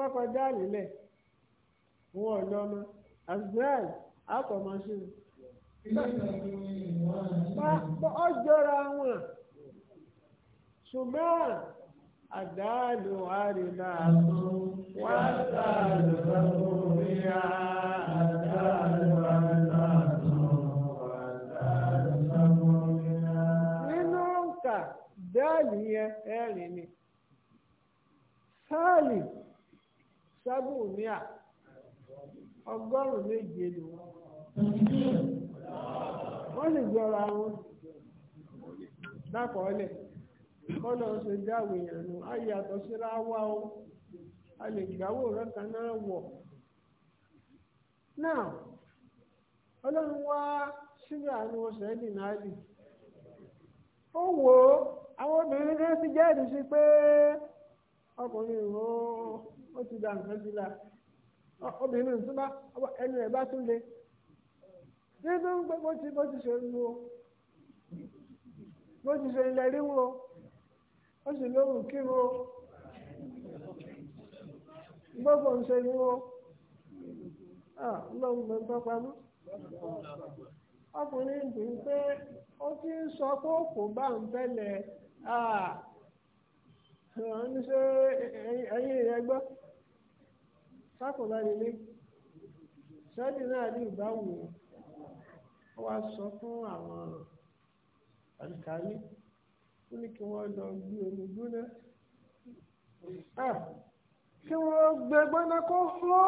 wá kọjá àlélẹ̀ wọn ò lọ mọ azrael àkọ́mọ sí wọn ṣùgbọ́n àdáàlú àrílà wà sáàlù rẹ̀ àdáàlú àrílà wà sáàlù rẹ̀. nínú nǹka dáàlì yẹn ẹ̀rìn ni sáàlì. sábù ní à ọgọ́rùn-ún méje ni wọ́n wọ́n lè jọra wọn lákọọ́lẹ̀ kọ́nà ṣe jáwé ìrìnà ayé wá o a lè gbàwó rẹ́ka náà wọ̀ náà ọlọ́run wá síbẹ̀ àánú ọ̀sẹ̀ náà lì ó wò ó àwọn obìnrin ti sí pé ọkùnrin otu ti da nǹkan sí la obìnrin tó bá ẹnu ẹ̀ bá tún le ṣé tó ń pẹ́ bó ti bó ti ṣe ń wo bó ti ṣe rí wo ó sì lóhùn kí wo gbogbo ń ṣe wo ah, ń ọkùnrin sákòlá nílé sẹ́ẹ̀dì náà ní ìbáwò ó wá sọ fún àwọn àlùkálí ó ní kí wọ́n lọ gbé omi gbóná kí wọ́n gbé gbóná kó fọ́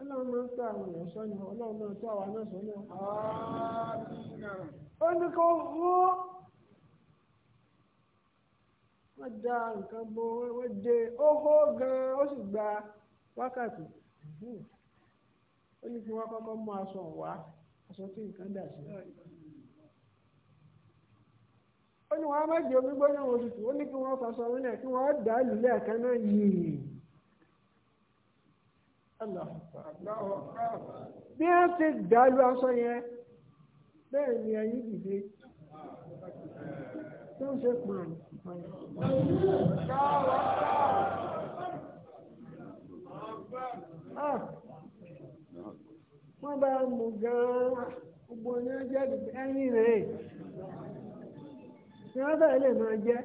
ọlọ́run máa ń àwọn èèyàn sọ́nà ọlọ́run máa ń pẹ́ wọ́n da nǹkan bo wọ́n de ó hó gan-an ó sì gba wákàtí ó ní kí wọ́n kọ́kọ́ mú aṣọ wá aṣọ tí nǹkan dà sí. ó ní wọ́n á má jẹ omi gbóná wọn tutù ó ní kí wọ́n faṣọ orí náà kí wọ́n dà á nílé ẹ̀ka náà yìí. bí wọ́n ti dà lu aṣọ yẹn bẹ́ẹ̀ ni ẹyin dìde tó ń ṣe pààlù wọ́n bá mú gan-an gbogbo ní ọjọ́ ẹ̀yìn rẹ̀ ni wọ́n bẹ̀rẹ̀ lè máa jẹ́.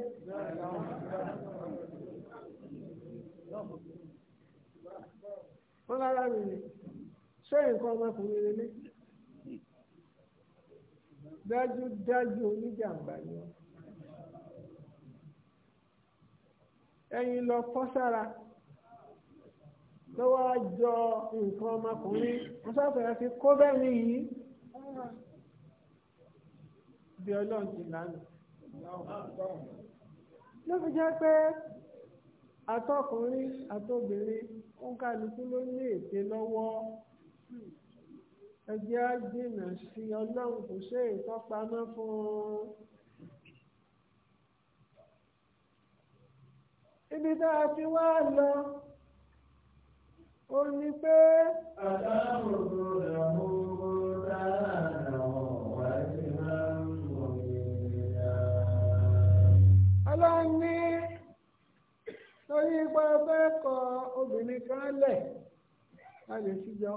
wọ́n lára mi ni ṣé nǹkan ọmọkùnrin rẹ̀ ní dájúdájú oníjàmbá ni wọ́n. ẹyin lọ fọ́ sára lọ́wọ́ jọ nǹkan ọmọkùnrin mọ́sáfẹ́rẹ́ fi kó bẹ́ẹ̀ ni yìí bí ọlọ́run ti lánàá ló fi jẹ́ pé àtọkùnrin àtobìnrin òǹkàlùkù ló ní ète lọ́wọ́ ẹgbẹ́ á sí ọlọ́run kò ṣe ìtọ́pamọ́ fún un. ibi tá a ti wá lọ ó ní pé. àdáwòrò rẹ̀ mú dáadáa wà sí máa ń mọ̀ nílẹ̀. ọlọ́run ní torí ipa fẹ́ kọ obìnrin kan lẹ̀ a lè fi jọ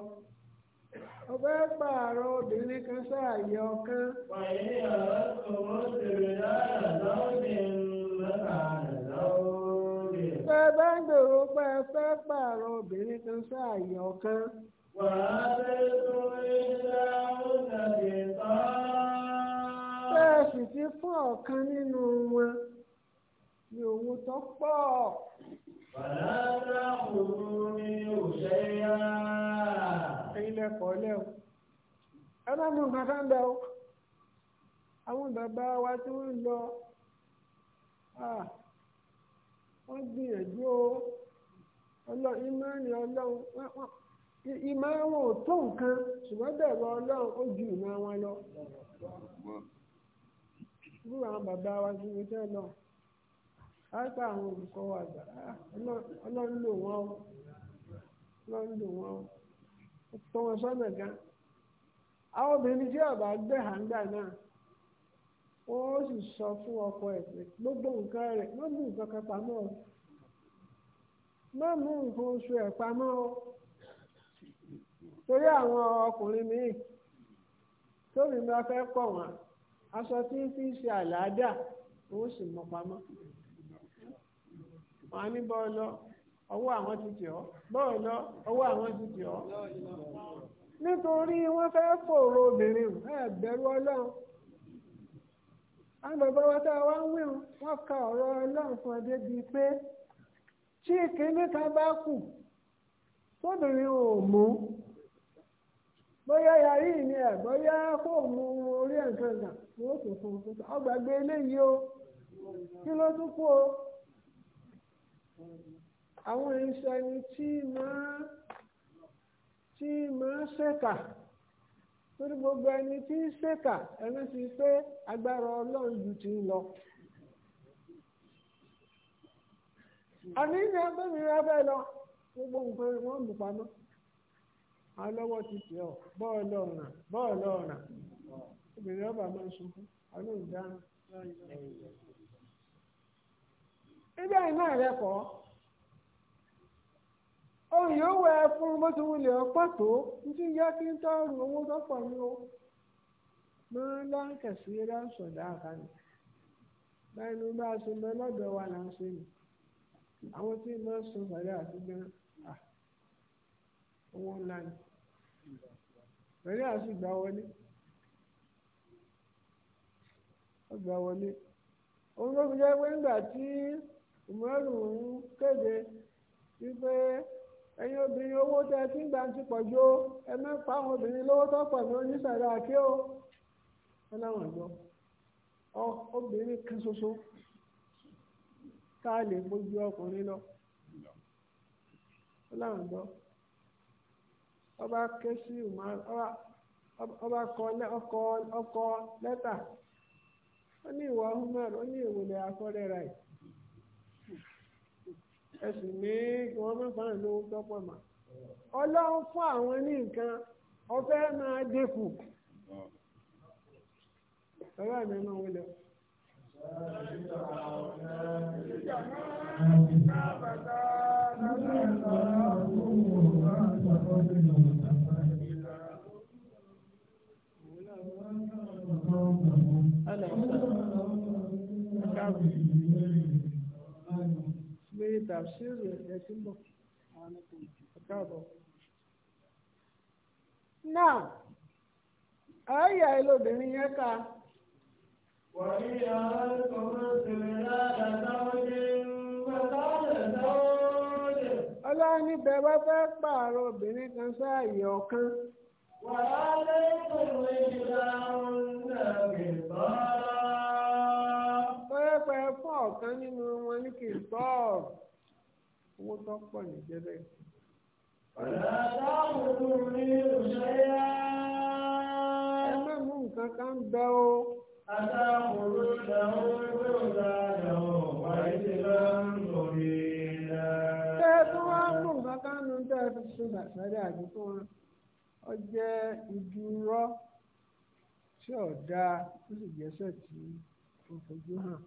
ọbẹ̀ pààrọ̀ obìnrin kan sáàyè ọkàn. wàyí àwọn ọmọ tèrè náà lọ́ọ̀dẹ̀ ń lọ́ta lọ́wọ́ tẹ bá ń gbèrò pé ẹ fẹ́ pààrọ̀ obìnrin kan sáàyè ọ̀kan. wàá lè tó ilé ọ̀nà ìtàn. bẹ́ẹ̀ sì ti fún ọ̀kan nínú wọn ní owó tó pọ̀. bàbá àkùrù ni òṣè yá. ilé kọ́lẹ́ o ẹ bá mú nǹkan kan bẹ o àwọn bàbá wa tí wọ́n lọ. Ah. wọ́n gbìyànjú o ọlọ́run ìmọ̀ọ́nì ọlọ́run ìmọ̀ ò tó nǹkan ṣùgbọ́n bẹ̀rù ọlọ́run ó ju ìmọ̀ wọn lọ. irú àwọn bàbá wa ti ní tẹ́ lọ àwọn olùkọ́ wa gbà ọlọ́run lò wọ́n o ọlọ́run lò wọ́n o tọ́ wọn sọ́nà gan. àwọn obìnrin tí náà. ó sì sọ fún ọkọ ẹ̀ pé gbogbo nǹkan rẹ̀ má mú nǹkan kan pamọ́ o má mú nǹkan oṣù ẹ̀ pamọ́ o torí àwọn ọkùnrin míì tóbi bá fẹ́ pọ̀ wọ́n aṣọ tí ń fi ṣe àlàáda òun sì mọ pamọ́ wọn á ní bọ́ọ̀ lọ ọwọ́ àwọn ti tì ọ́ bọ́ọ̀ lọ ọwọ́ àwọn ti tì ọ́ nítorí wọ́n fẹ́ fòrò obìnrin ẹ̀ bẹ̀rù ọlọ́run. àwọn bàbá wa tá a wá ń wíhun wọ́n ka ọ̀rọ̀ ọlọ́run fún ọ débi pé tí ìkíní kan bá kù tóbìnrin ò mú bóyá yarí ni ẹ bóyá kó orí ẹ̀ǹkan ni sì fún un eléyìí o kí ló tún kú o àwọn irinṣẹ́ ni tí máa tí máa ṣẹ̀ka. torí gbogbo ẹni tí ń ṣèkà ẹni sì pé agbára ọlọ́run ju ti ń lọ. àmì ní abẹ́mìírí abẹ́ lọ gbogbo nǹkan wọ́n alọ́wọ́ ti tẹ̀ ọ́ bọ́ọ̀lù ọba máa ń sunkún dáná. rẹ̀ kọ́. òun yóò wẹ fún bó ti wulẹ̀ ọpọ́ yá kí n tọrù owó tọ́pọ̀ ni o mọ láǹkẹ̀sí ránṣọ̀dá àkànní báyìí ló bá a ṣe mọ lọ́dọ̀ wa là ń ṣe nì àwọn tí mo sọ owó ńlá ni àti wọlé wọlé òun ló fi jẹ́ pé nígbà tí ẹ̀yin obìnrin owó tẹ́ ẹ ti ń gbà ti pọ̀ ju ẹ onye àwọn obìnrin lówó tó pọ̀ ní oníṣẹ̀dá àké o ẹ láwọn obìnrin kan ṣoṣo lè ọba ké sí ọba kọ lẹ́tà ó ní ìwà humar ó ní ìwòlẹ̀ ẹ sì ní kí wọ́n má fáwọn lówó tọ́pọ̀ mà ọlọ́run fún àwọn ní nǹkan ọfẹ́ máa dínkù ọlọ́run mi máa wọlé. Ìjọba pé tàbísírù ẹ̀ ti ń bọ̀ káàbọ̀. náà ọlọ́run níbẹ̀ wá fẹ́ pààrọ̀ obìnrin kan sáàyè ọ̀kan. wàhálà ètò ìwé ìlà ọ̀hún náà kì ọ̀kan nínú wọn ní kì í tọ́ owó tó pọ̀ ní ẹ má mú nǹkan kan o. adáàbò ṣàwọn ẹgbẹ́ ọ̀gá àdàwọ̀ tẹ́ ẹ fi ṣe bàtàrí àdúgbò wọn ọ jẹ́ ìdúró tí ọ̀dà sì tí ó fojú hàn.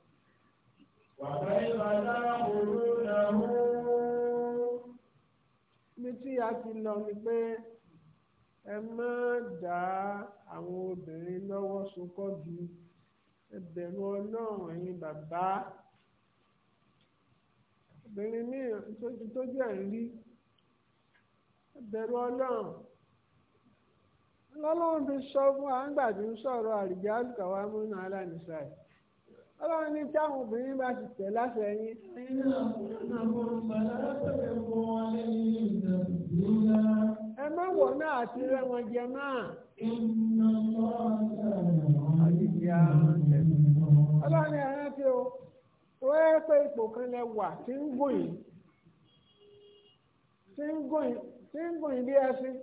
وكيف تأخذونه ibi tí a ti lọ ni pé ẹ má dá àwọn obìnrin lọ́wọ́ sunkọ́ ju ẹbẹ̀rún ọlọ́run ẹ̀yin bàbá obìnrin mìíràn tó jẹ́ ń rí ẹbẹ̀rún ọlọ́run lọ́lọ́run fi sọ fún wa tí ń sọ̀rọ̀ àrìjáàlù kàwámúnà aláìníṣàì ọlọ́run ní táwọn obìnrin bá ti tẹ̀ láṣẹ yín. ẹ má wọ̀ náà àti rẹ́wọ̀n jẹ náà. ọlọ́run ní ẹran tí o wọ́n yẹ pé ipò kan lẹ wà tí ń gùn yìí tí ń gùn yìí bí ẹṣin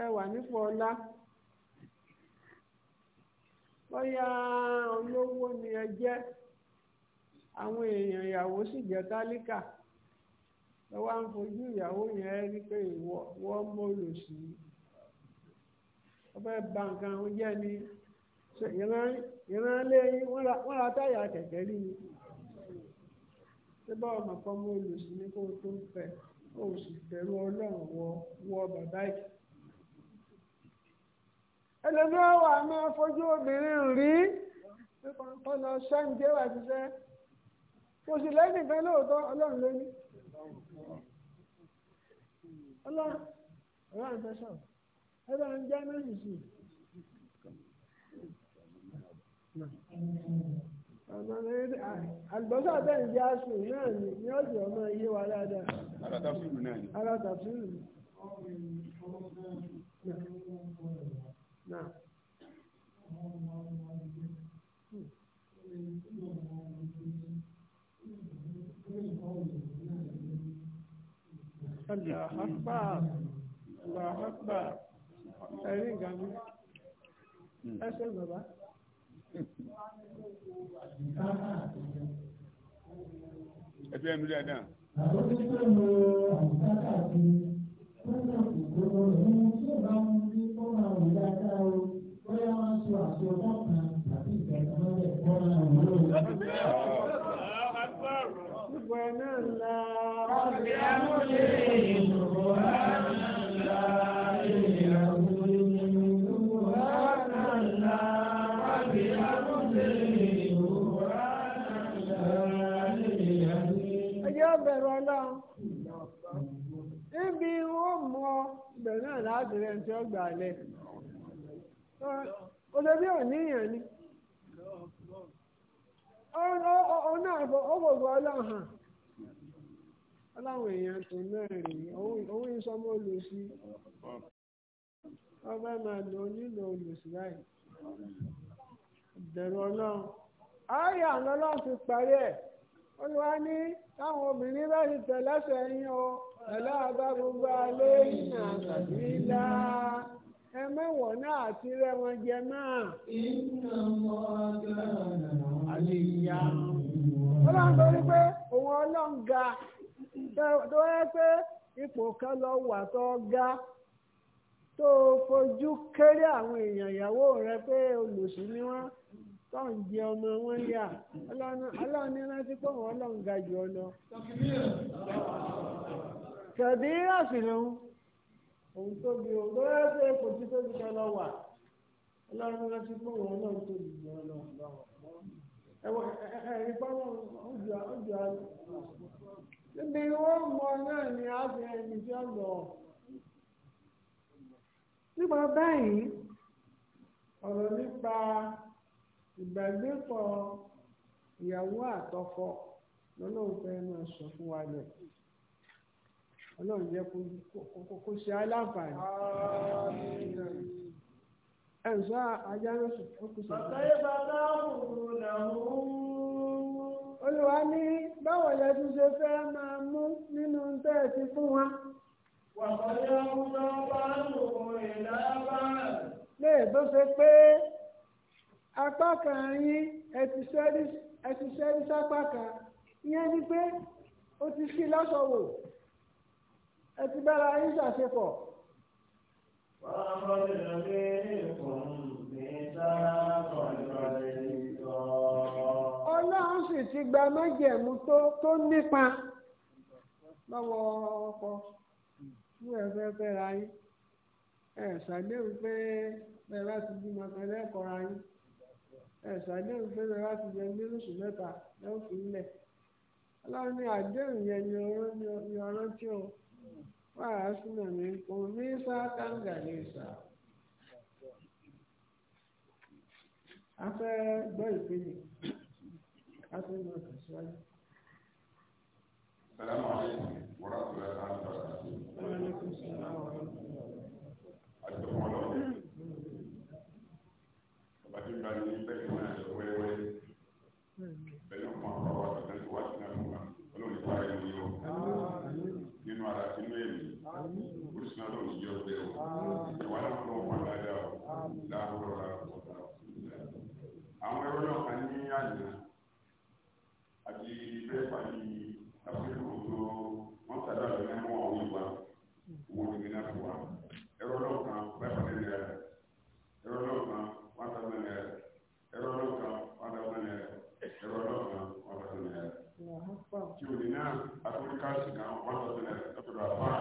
ẹ wà nípò ọlá. bóyá olówó ni ẹ jẹ́ àwọn èèyàn ìyàwó sì jẹ́ tálíkà ẹ wá ń fojú ìyàwó yẹn rí pé ìwọ wọ́n mọ́ olòṣì ọbẹ̀ ba nǹkan àwọn jẹ́ ni ìrànlẹ́ yín wọ́n ra táyà kẹ̀kẹ́ rí ni ni ẹlẹ́bí ọwọ́ a máa fojú obìnrin rí tọ́nà ṣáǹjẹ́ wà ṣiṣẹ́ kò sì lẹ́yìn kan lóòótọ́ ọlọ́run ló ní. ọlọ́run ọlọ́run fẹ́ sọ̀rọ̀ ẹ bá ń já náà sì sí. Àlùbọ́sà bẹ́ẹ̀ ń jẹ́ aṣọ náà ni ní ọ̀sẹ̀ ọmọ iye wa dáadáa. Ara tàfsírù náà ni. Ara tàfsírù náà. Àlàáfà Àlàáfà ẹ̀rí ìgbàmú ẹ̀ṣẹ̀ bàbá. Ẹ̀bí ẹ̀mí dáadáa. Àwọn tó ń sọ̀rọ̀ àwọn sábà ti wọ́n ní àgbègbè ọ̀hún tí ò bá wọn bí kó máa wù dáadáa o bóyá wọ́n sọ àṣọ ọgbọ́n kan tàbí ìgbàgbọ́ mọ́lẹ̀ kó máa wù ú. gbogbo ẹ̀ náà la ọ̀rẹ́ àmúlẹ̀ ìṣòro á. láti rẹ̀ tí ó gbà o ṣe bí ni O náà fọ gbogbo ọlọ́run hàn ọláwọn èèyàn tó náà rèé òun ìsọmọ olùsí ọba máa lò nílò olùsí báyìí bẹ̀rù ọlọ́run ààyè àwọn ọlọ́run ti parí ẹ̀ olùwà ní táwọn obìnrin bá ti tẹ̀ o. ọlọ́ọ̀bá gbogbo alẹ́ ìnà àbílá ẹ mẹ́wọ̀n náà àti rẹ ọla jẹ náà. iná mọ́ ọ̀gá àlè ìyá. ọlọ́run tó rí pé òun ọlọ́run ga tó yẹ pé ipò kan lọ wà tó ga tó fojú kéré àwọn èèyàn ni wọn tó ń jẹ ọmọ wọn yà ọlọ́run ní rántí pé òun ọlọ́run ga jù ọ kẹ̀dí sínú òun tóbi o tó pé kò tí tóbi kẹ lọ wà ọlọ́run ló ti fún òun náà tóbi jù ọ lọ ẹwọ ẹ̀rí níbi mọ náà ni a fi ẹni tí ó lọ. báyìí ọ̀rọ̀ nípa ọlọ́run jẹ́ kó ṣe aláǹfààní. ẹ̀sọ́ ajá ló sì kú sọ. àtàyè bàbá òkùnkùn náà mú. olùwà ní báwo lẹ tún ṣe fẹ́ máa mú nínú tẹ́ ẹ ti fún wa. wàhálà ọmọ bá lòun ìlà bá. tó ṣe pé apá kan yín ẹ ti ṣẹ́rí sápá kan ìyẹn ni pé ó ti ṣí lọ́sọ̀wọ̀ ẹ ti bára yín ṣàṣepọ̀. wọ́n á gbé ọlọ́run sì ti gba májẹ̀mú tó nípa lọ́wọ́ ọkọ fún ẹ̀fẹ́ fẹ́ra yín ẹ̀ ṣàdéhùn pé bẹ́ẹ̀ bá ti bímọ kan lẹ́kọ̀ọ́ra yín ẹ̀ ṣàdéhùn pé bẹ́ẹ̀ bá ti jẹ mílíọ̀nù mẹ́ta lẹ́wọ̀n fi ń lẹ̀ ọlọ́run ní àdéhùn yẹn ni ọ̀rọ̀ ti o wàásùnà mi kún mí sá kàńgàlẹ́sà. a fẹ́ gbọ́ ìpele a fẹ́ lọ tẹ̀síwájú. Salamu alaikum wa rahmatullahi wa barakatuh. Wa alaikum salaam wa rahmatullahi àwọn ẹrọ náà kan ní àyìnà àti bẹ́ẹ̀ pàdé àfihàn tó wọ́n sàdá lọ ní àwọn àwọn ìwà owó níbi náà fún wa ẹrọ náà kan bẹ́ẹ̀ pàdé náírà ẹrọ náà kan wọ́n sàdá náírà ẹrọ náà kan wọ́n sàdá náírà ẹrọ náà kan wọ́n sàdá náírà tí òní náà àtúntò káàsì kan wọ́n sàdá náírà lọ́tọ̀dọ̀ àpá.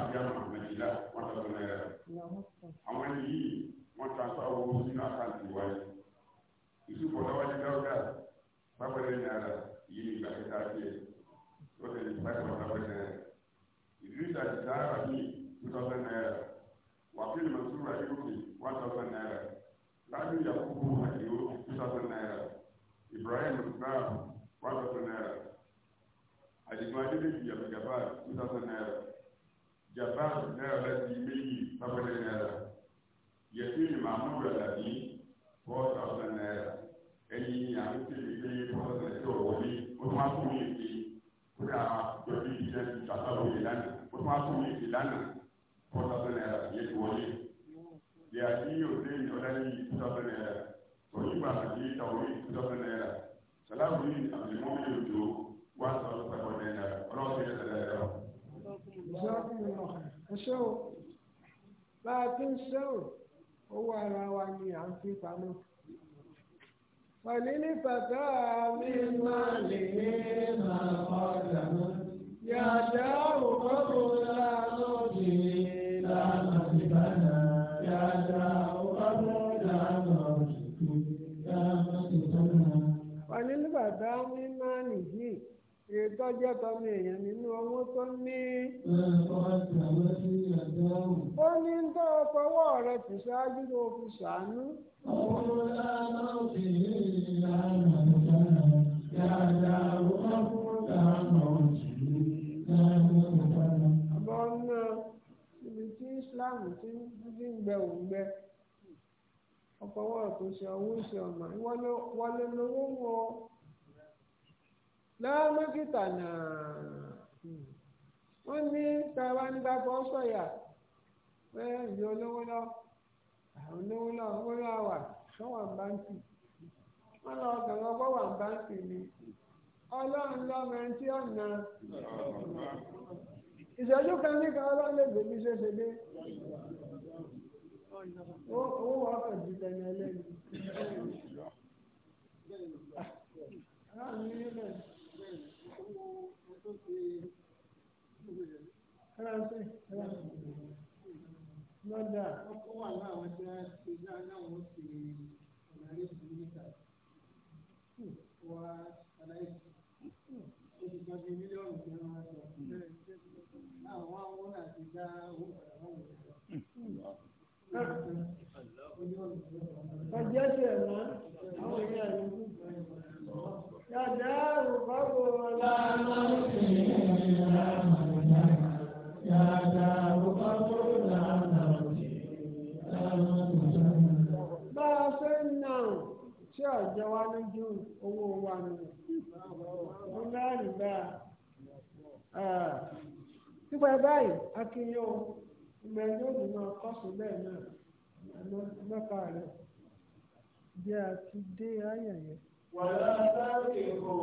yusufu ọlọwọlé dáwúdà pápẹlẹ nyara yìí ìgbà kẹta tiẹ ó lè ní pàṣẹ wọn lọpẹ náírà ìdírísà ti sáárà ní two thousand naira wàkìlì mọ̀túrù àdìgòkè one thousand naira láàbí yakubu àdìgò two thousand naira ibrahim brown one thousand naira àdìgò adébíyì àbíjàbá two thousand naira jàbá náírà láti méjì pápẹlẹ náírà yẹtí ni màmúdù àlàbí four thousand naira. ẹyin àwọn tí mi gbé pọ́sẹ̀ tí ò wọlé ó tún wá fún mi èké ó dà jọjú ìdíjẹ́ ti bàtà lóye lánàá ó tún wá fún mi èké lánàá four thousand naira yẹn ti wọlé lè àti òde ìjọba yìí two thousand naira onígbà àti ìtàwé two thousand naira sàlámù yìí àti mọ́mí òjò one thousand five hundred naira ọlọ́run ti yẹ sẹ́lẹ̀ ń ṣe o owó ara wa ni à ń fi pamọ́. Màlílì fàtà mi máa lè ní màá ọ̀dà mọ́. Yàtà òkò kò lánà òdì lánà ìbànà. Yàtà òkò kò lánà òdì lánà ètò jẹ́ èèyàn nínú owó tó ní. ó ní ń tọ́ ọkọ̀wọ́ rẹ̀ tì ṣáájú tó fi ṣàánú. àbọ̀ ọ̀nà ibi tí Islam ti ń gbẹ òǹgbẹ ọkọ̀wọ́ tó ṣe owó ṣe ọ̀nà ìwọlé lówó wọ lámọ́kítà náà hmm. wọ́n ní tàwa ń gbà bọ́ sọ̀yà bẹ́ẹ̀ ìyá olówó lọ àwọn olówó lọ wọ́n lọ wà sọ́wọ́ báńkì wọ́n lọ gbọ̀ngàn bọ́wà báńkì ni ọlọ́run lọ́mọ ẹni tí ọ̀nà ìṣẹ́jú kan ní kan ọlọ́run lè gbèmí ṣe ṣe dé owó wọ́n kàn ju tẹ̀lé ẹlẹ́ni. Ah, lọ́dà ti láwọn náà bá a fẹ́ nà tí ọ̀jọ̀ wa lójú owó wa nù ó mẹ́rin bá a nípa báyìí akínyó ìgbẹ̀yìn òdì náà kọ́sù bẹ́ẹ̀ náà mẹ́fà rẹ̀ jẹ́ àti dé ayẹyẹ. wàhálà sáà kò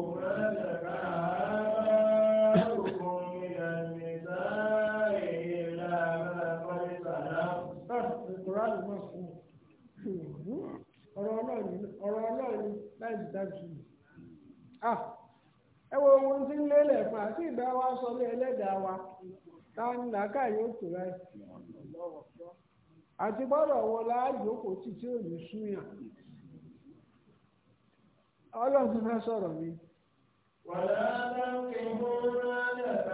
ọ̀rọ̀ ọlọ́run láì dájú ẹ wo ohun tí ń lélẹ̀ fún àti ìgbà wa sọ ní ẹlẹ́dàá wa ta ń tó láì àti gbọ́dọ̀ wọ súnyà ọlọ́run sọ̀rọ̀ mi. ولا تنكحوا ما نكح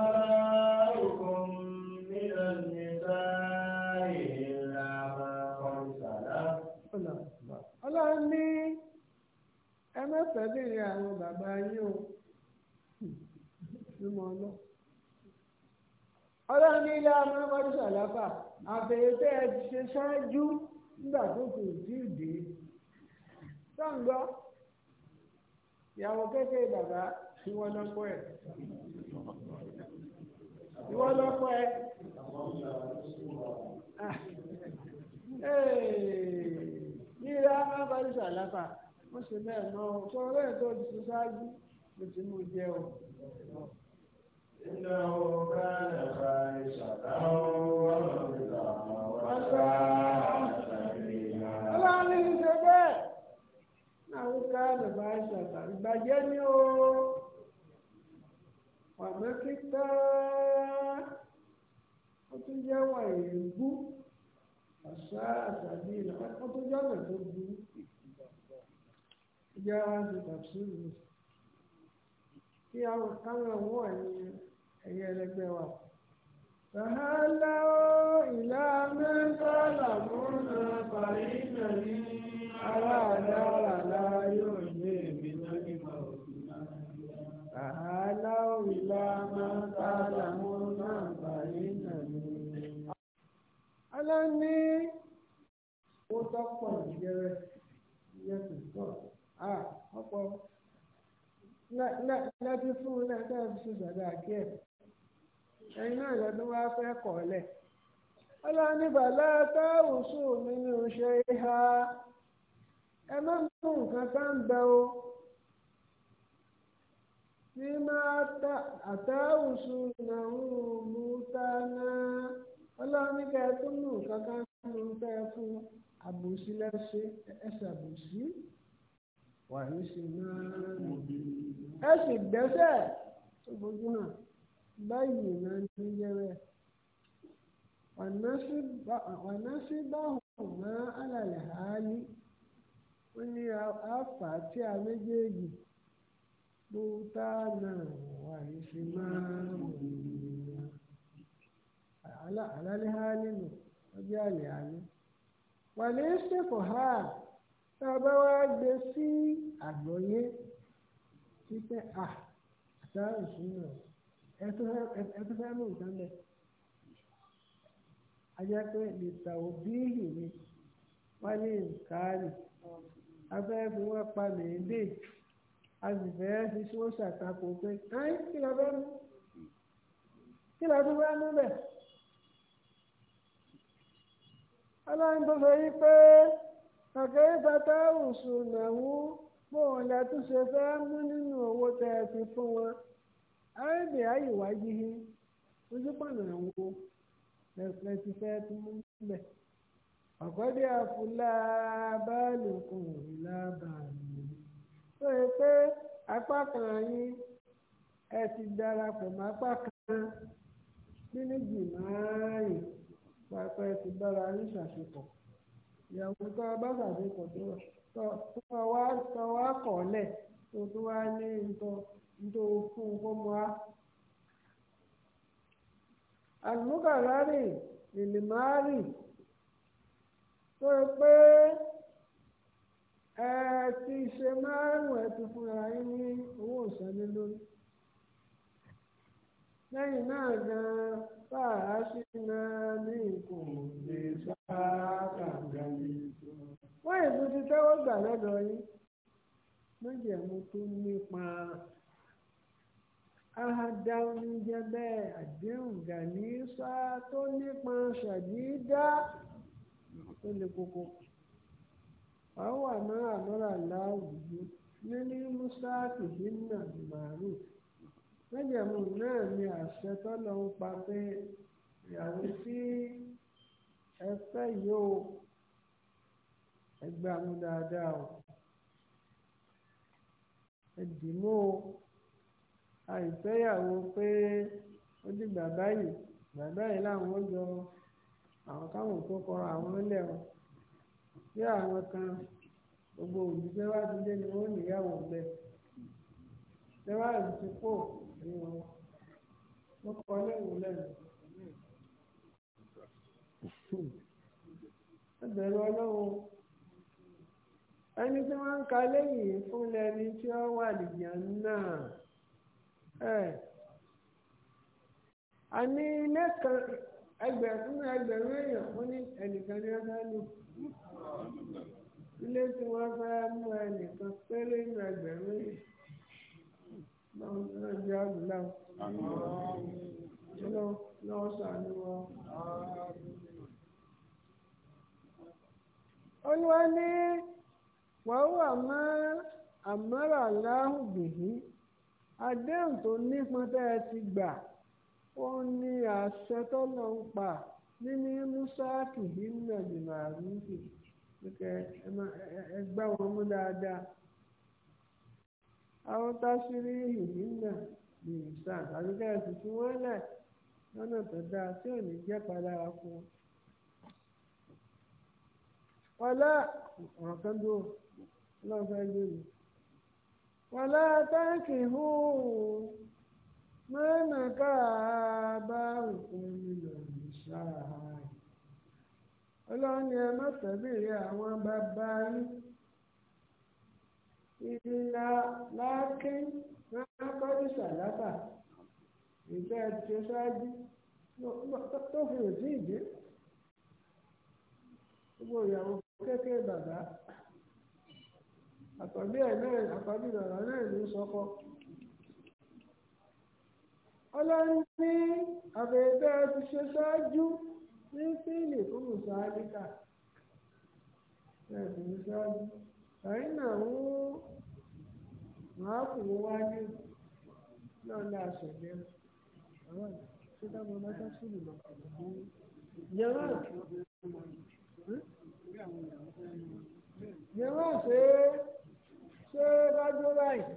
آباؤكم من النساء إلا ما قد سلف. Ọlọ́run ní ẹ má fẹ́bìrì àwọn bàbá yín o mímọ́ ọlọ́. Ọlọ́run ní ilé amúnámọ́dún ṣàlápà àbẹ̀yẹ tẹ́ ẹ ti ṣe ṣáájú nígbà tó kù sí ìdí. Sọ́ǹgbọ́ ìyàwó kékeré bàbá ìwọ lọ́pọ̀ ẹ̀ ìwọ lọ́pọ̀ ẹ̀ yíra abalu sàlápà mo sì bẹ́ẹ̀ lọ sọ bẹ́ẹ̀ tó ti ṣáájú mo ti mú jẹ o. Iná ọ̀gá ẹ̀ka ìṣàkà ọ̀rọ̀ ìlànà àwùká bàbá ṣàtà ìbàjẹ́ ni ó wàmẹ́kítà ó tún jẹ́ wàyẹ̀gbú àṣà àtàbí ìlànà ó tún jẹ́ ọ̀nà tó burú ìjọ ti tàbí kí àwọn káwọn wọ̀ ẹ̀yẹ ẹlẹgbẹ́ wa. فهلوا إلى من ظلمون فإن من أراد لا يغني من الموت فهلوا إلى من ظلمون فإن من ألني وتقوى الجرس يتسقط آه أقوى لا لا لا تسوي لا تعرف شو هذا كيف ẹ̀yin náà lọ́dún wá fẹ́ kọ̀ọ́lẹ̀ ọlọ́ni bàlá táwùsù mi ní ṣe ha ẹ má mú nǹkan ká ń bẹ o ní máa ta àtàwùsù náà ń mú ta náà ọlọ́ni ká ẹ tún mú nǹkan ká ń bẹ fún àbòsí lẹ́sẹ̀ ẹsẹ̀ àbòsí wà ní sinmi ẹ sì gbẹ́sẹ̀ tó gbójú náà. بينا ọ̀nàṣíbáhùnmá alàlàáyé ó ní àfà tí a méjèèjì bó tá náà wà ìṣe máa alàlàáyé nù ọjọ́ àlàáyé wà ní ṣèkọ̀ ha tá a bá wá gbé sí àgbọ̀yé títẹ́ à àtàrùsùn náà. ẹtú fẹ́ mú nǹkan lẹ̀ ajẹ́ pé lìtà òbíìlì ni wọ́n ní nǹkan abẹ́ bí wọ́n pa mèédè a sì fẹ́ fi sí wọ́n ṣàtakò pé ẹ́ kí lọ bẹ́ẹ̀ mú kí lọ tún bẹ́ẹ̀ mú bẹ́ẹ̀. ọlọ́run tó sọ yìí pé kàkẹ́yìn bàtà òṣùnà wú bóun lẹ́tún ṣe fẹ́ mú nínú owó tẹ́ ẹ fi fún wọn. ebe anyị ihe ojú pàmìlà ń wo lẹ́sìlẹ́sì fẹ́ tún mú bẹ̀. ọ̀kọ́dé àfúlà báàlù kan ìlà bàálù. tó yẹ pé apá kan yín ẹ darapọ̀ mọ́ apá kan nínú bára ìyàwó tó bá tó wà nítorí fún un kọ́ mọ́ a. àlùmúkàlárì ìlìmárì tó yẹ pé ẹ ti ṣe márùn ẹ ti fúnra yín ní owó ìsẹ́lẹ̀ lórí lẹ́yìn náà gan fàá sí náà ní nǹkan òde sáàkàǹgà yìí. wọ́n èso ti tẹ́wọ́ gbà lọ́dọ̀ yín lójú ẹ̀mú tó nípa ahadáhùn jẹ́ bẹ́ẹ̀ àdéhùn gàníṣà tó nípa ṣàdídá tó le koko àwọn àmọ́ àmọ́ra láwùjọ níní mùsáàkì hínà màrú lẹ́jẹ̀mú náà ni àṣẹ tọ́lọ́ ń pa pé ìyàwó tí ẹ fẹ́ yóò ẹgbẹ́ dáadáa ẹ dì àìfẹ́yàwó pé ó dìgbà báyìí ìgbà báyìí làwọn láwọn jọ àwọn káwọn tó kọra àwọn ilé wọn sí àwọn kan gbogbo òjíṣẹ́ wá ti ni wọ́n níyàwó ti wọn lẹ́wọ̀n lẹ́nu. ọlọ́run Eh. a ní ile ka ẹgbẹ̀rún ẹgbẹ̀rún èèyàn fún ní ẹnìkan ní ilé tí wọ́n fẹ́ mú ẹnìkan ẹgbẹ̀rún èèyàn náà lọ́wọ́ wọn. àdéhùn tó nípọn tẹ́ ẹ ti gbà ó ní àṣẹ tọ́lọ̀ ń pa nínú musaaki hinna bimarufi pípẹ́ ẹgbẹ́ wọn mú dáadáa àwọn táṣírí àti kẹ́ ẹ sì fi wọ́n lẹ̀ lọ́nà tó dáa tí ò ní jẹ́ fún un. ọ̀rọ̀ kan dúró gbé wàlá táǹkì hù mẹ́nà káàbá òkun nílò ìṣá ọlọ́run ni ẹ má tẹ̀lé àwọn bàbá yín ìlà lákín rákọ́dù sàlábà ìjẹ́ ti ṣáájú tó fi òtí ìdí gbogbo ìyàwó kékeré bàbá àtọ̀bí ẹ̀ náà àtọ̀bí ìrọ̀rọ̀ náà ló sọkọ. ọlọ́run ní àbẹ̀dẹ́ ti ṣe ṣáájú ní fíìlì fún mùsàlíkà ẹ̀sìn ṣáájú ẹ̀yìn náà ń máa kù wájú náà ní àṣẹjẹ àwọn ṣé dáwọn ọlọ́jọ́ sílù lọ pẹ̀lú yẹ̀rọ yẹ̀rọ ṣe é ṣé rájó báyìí.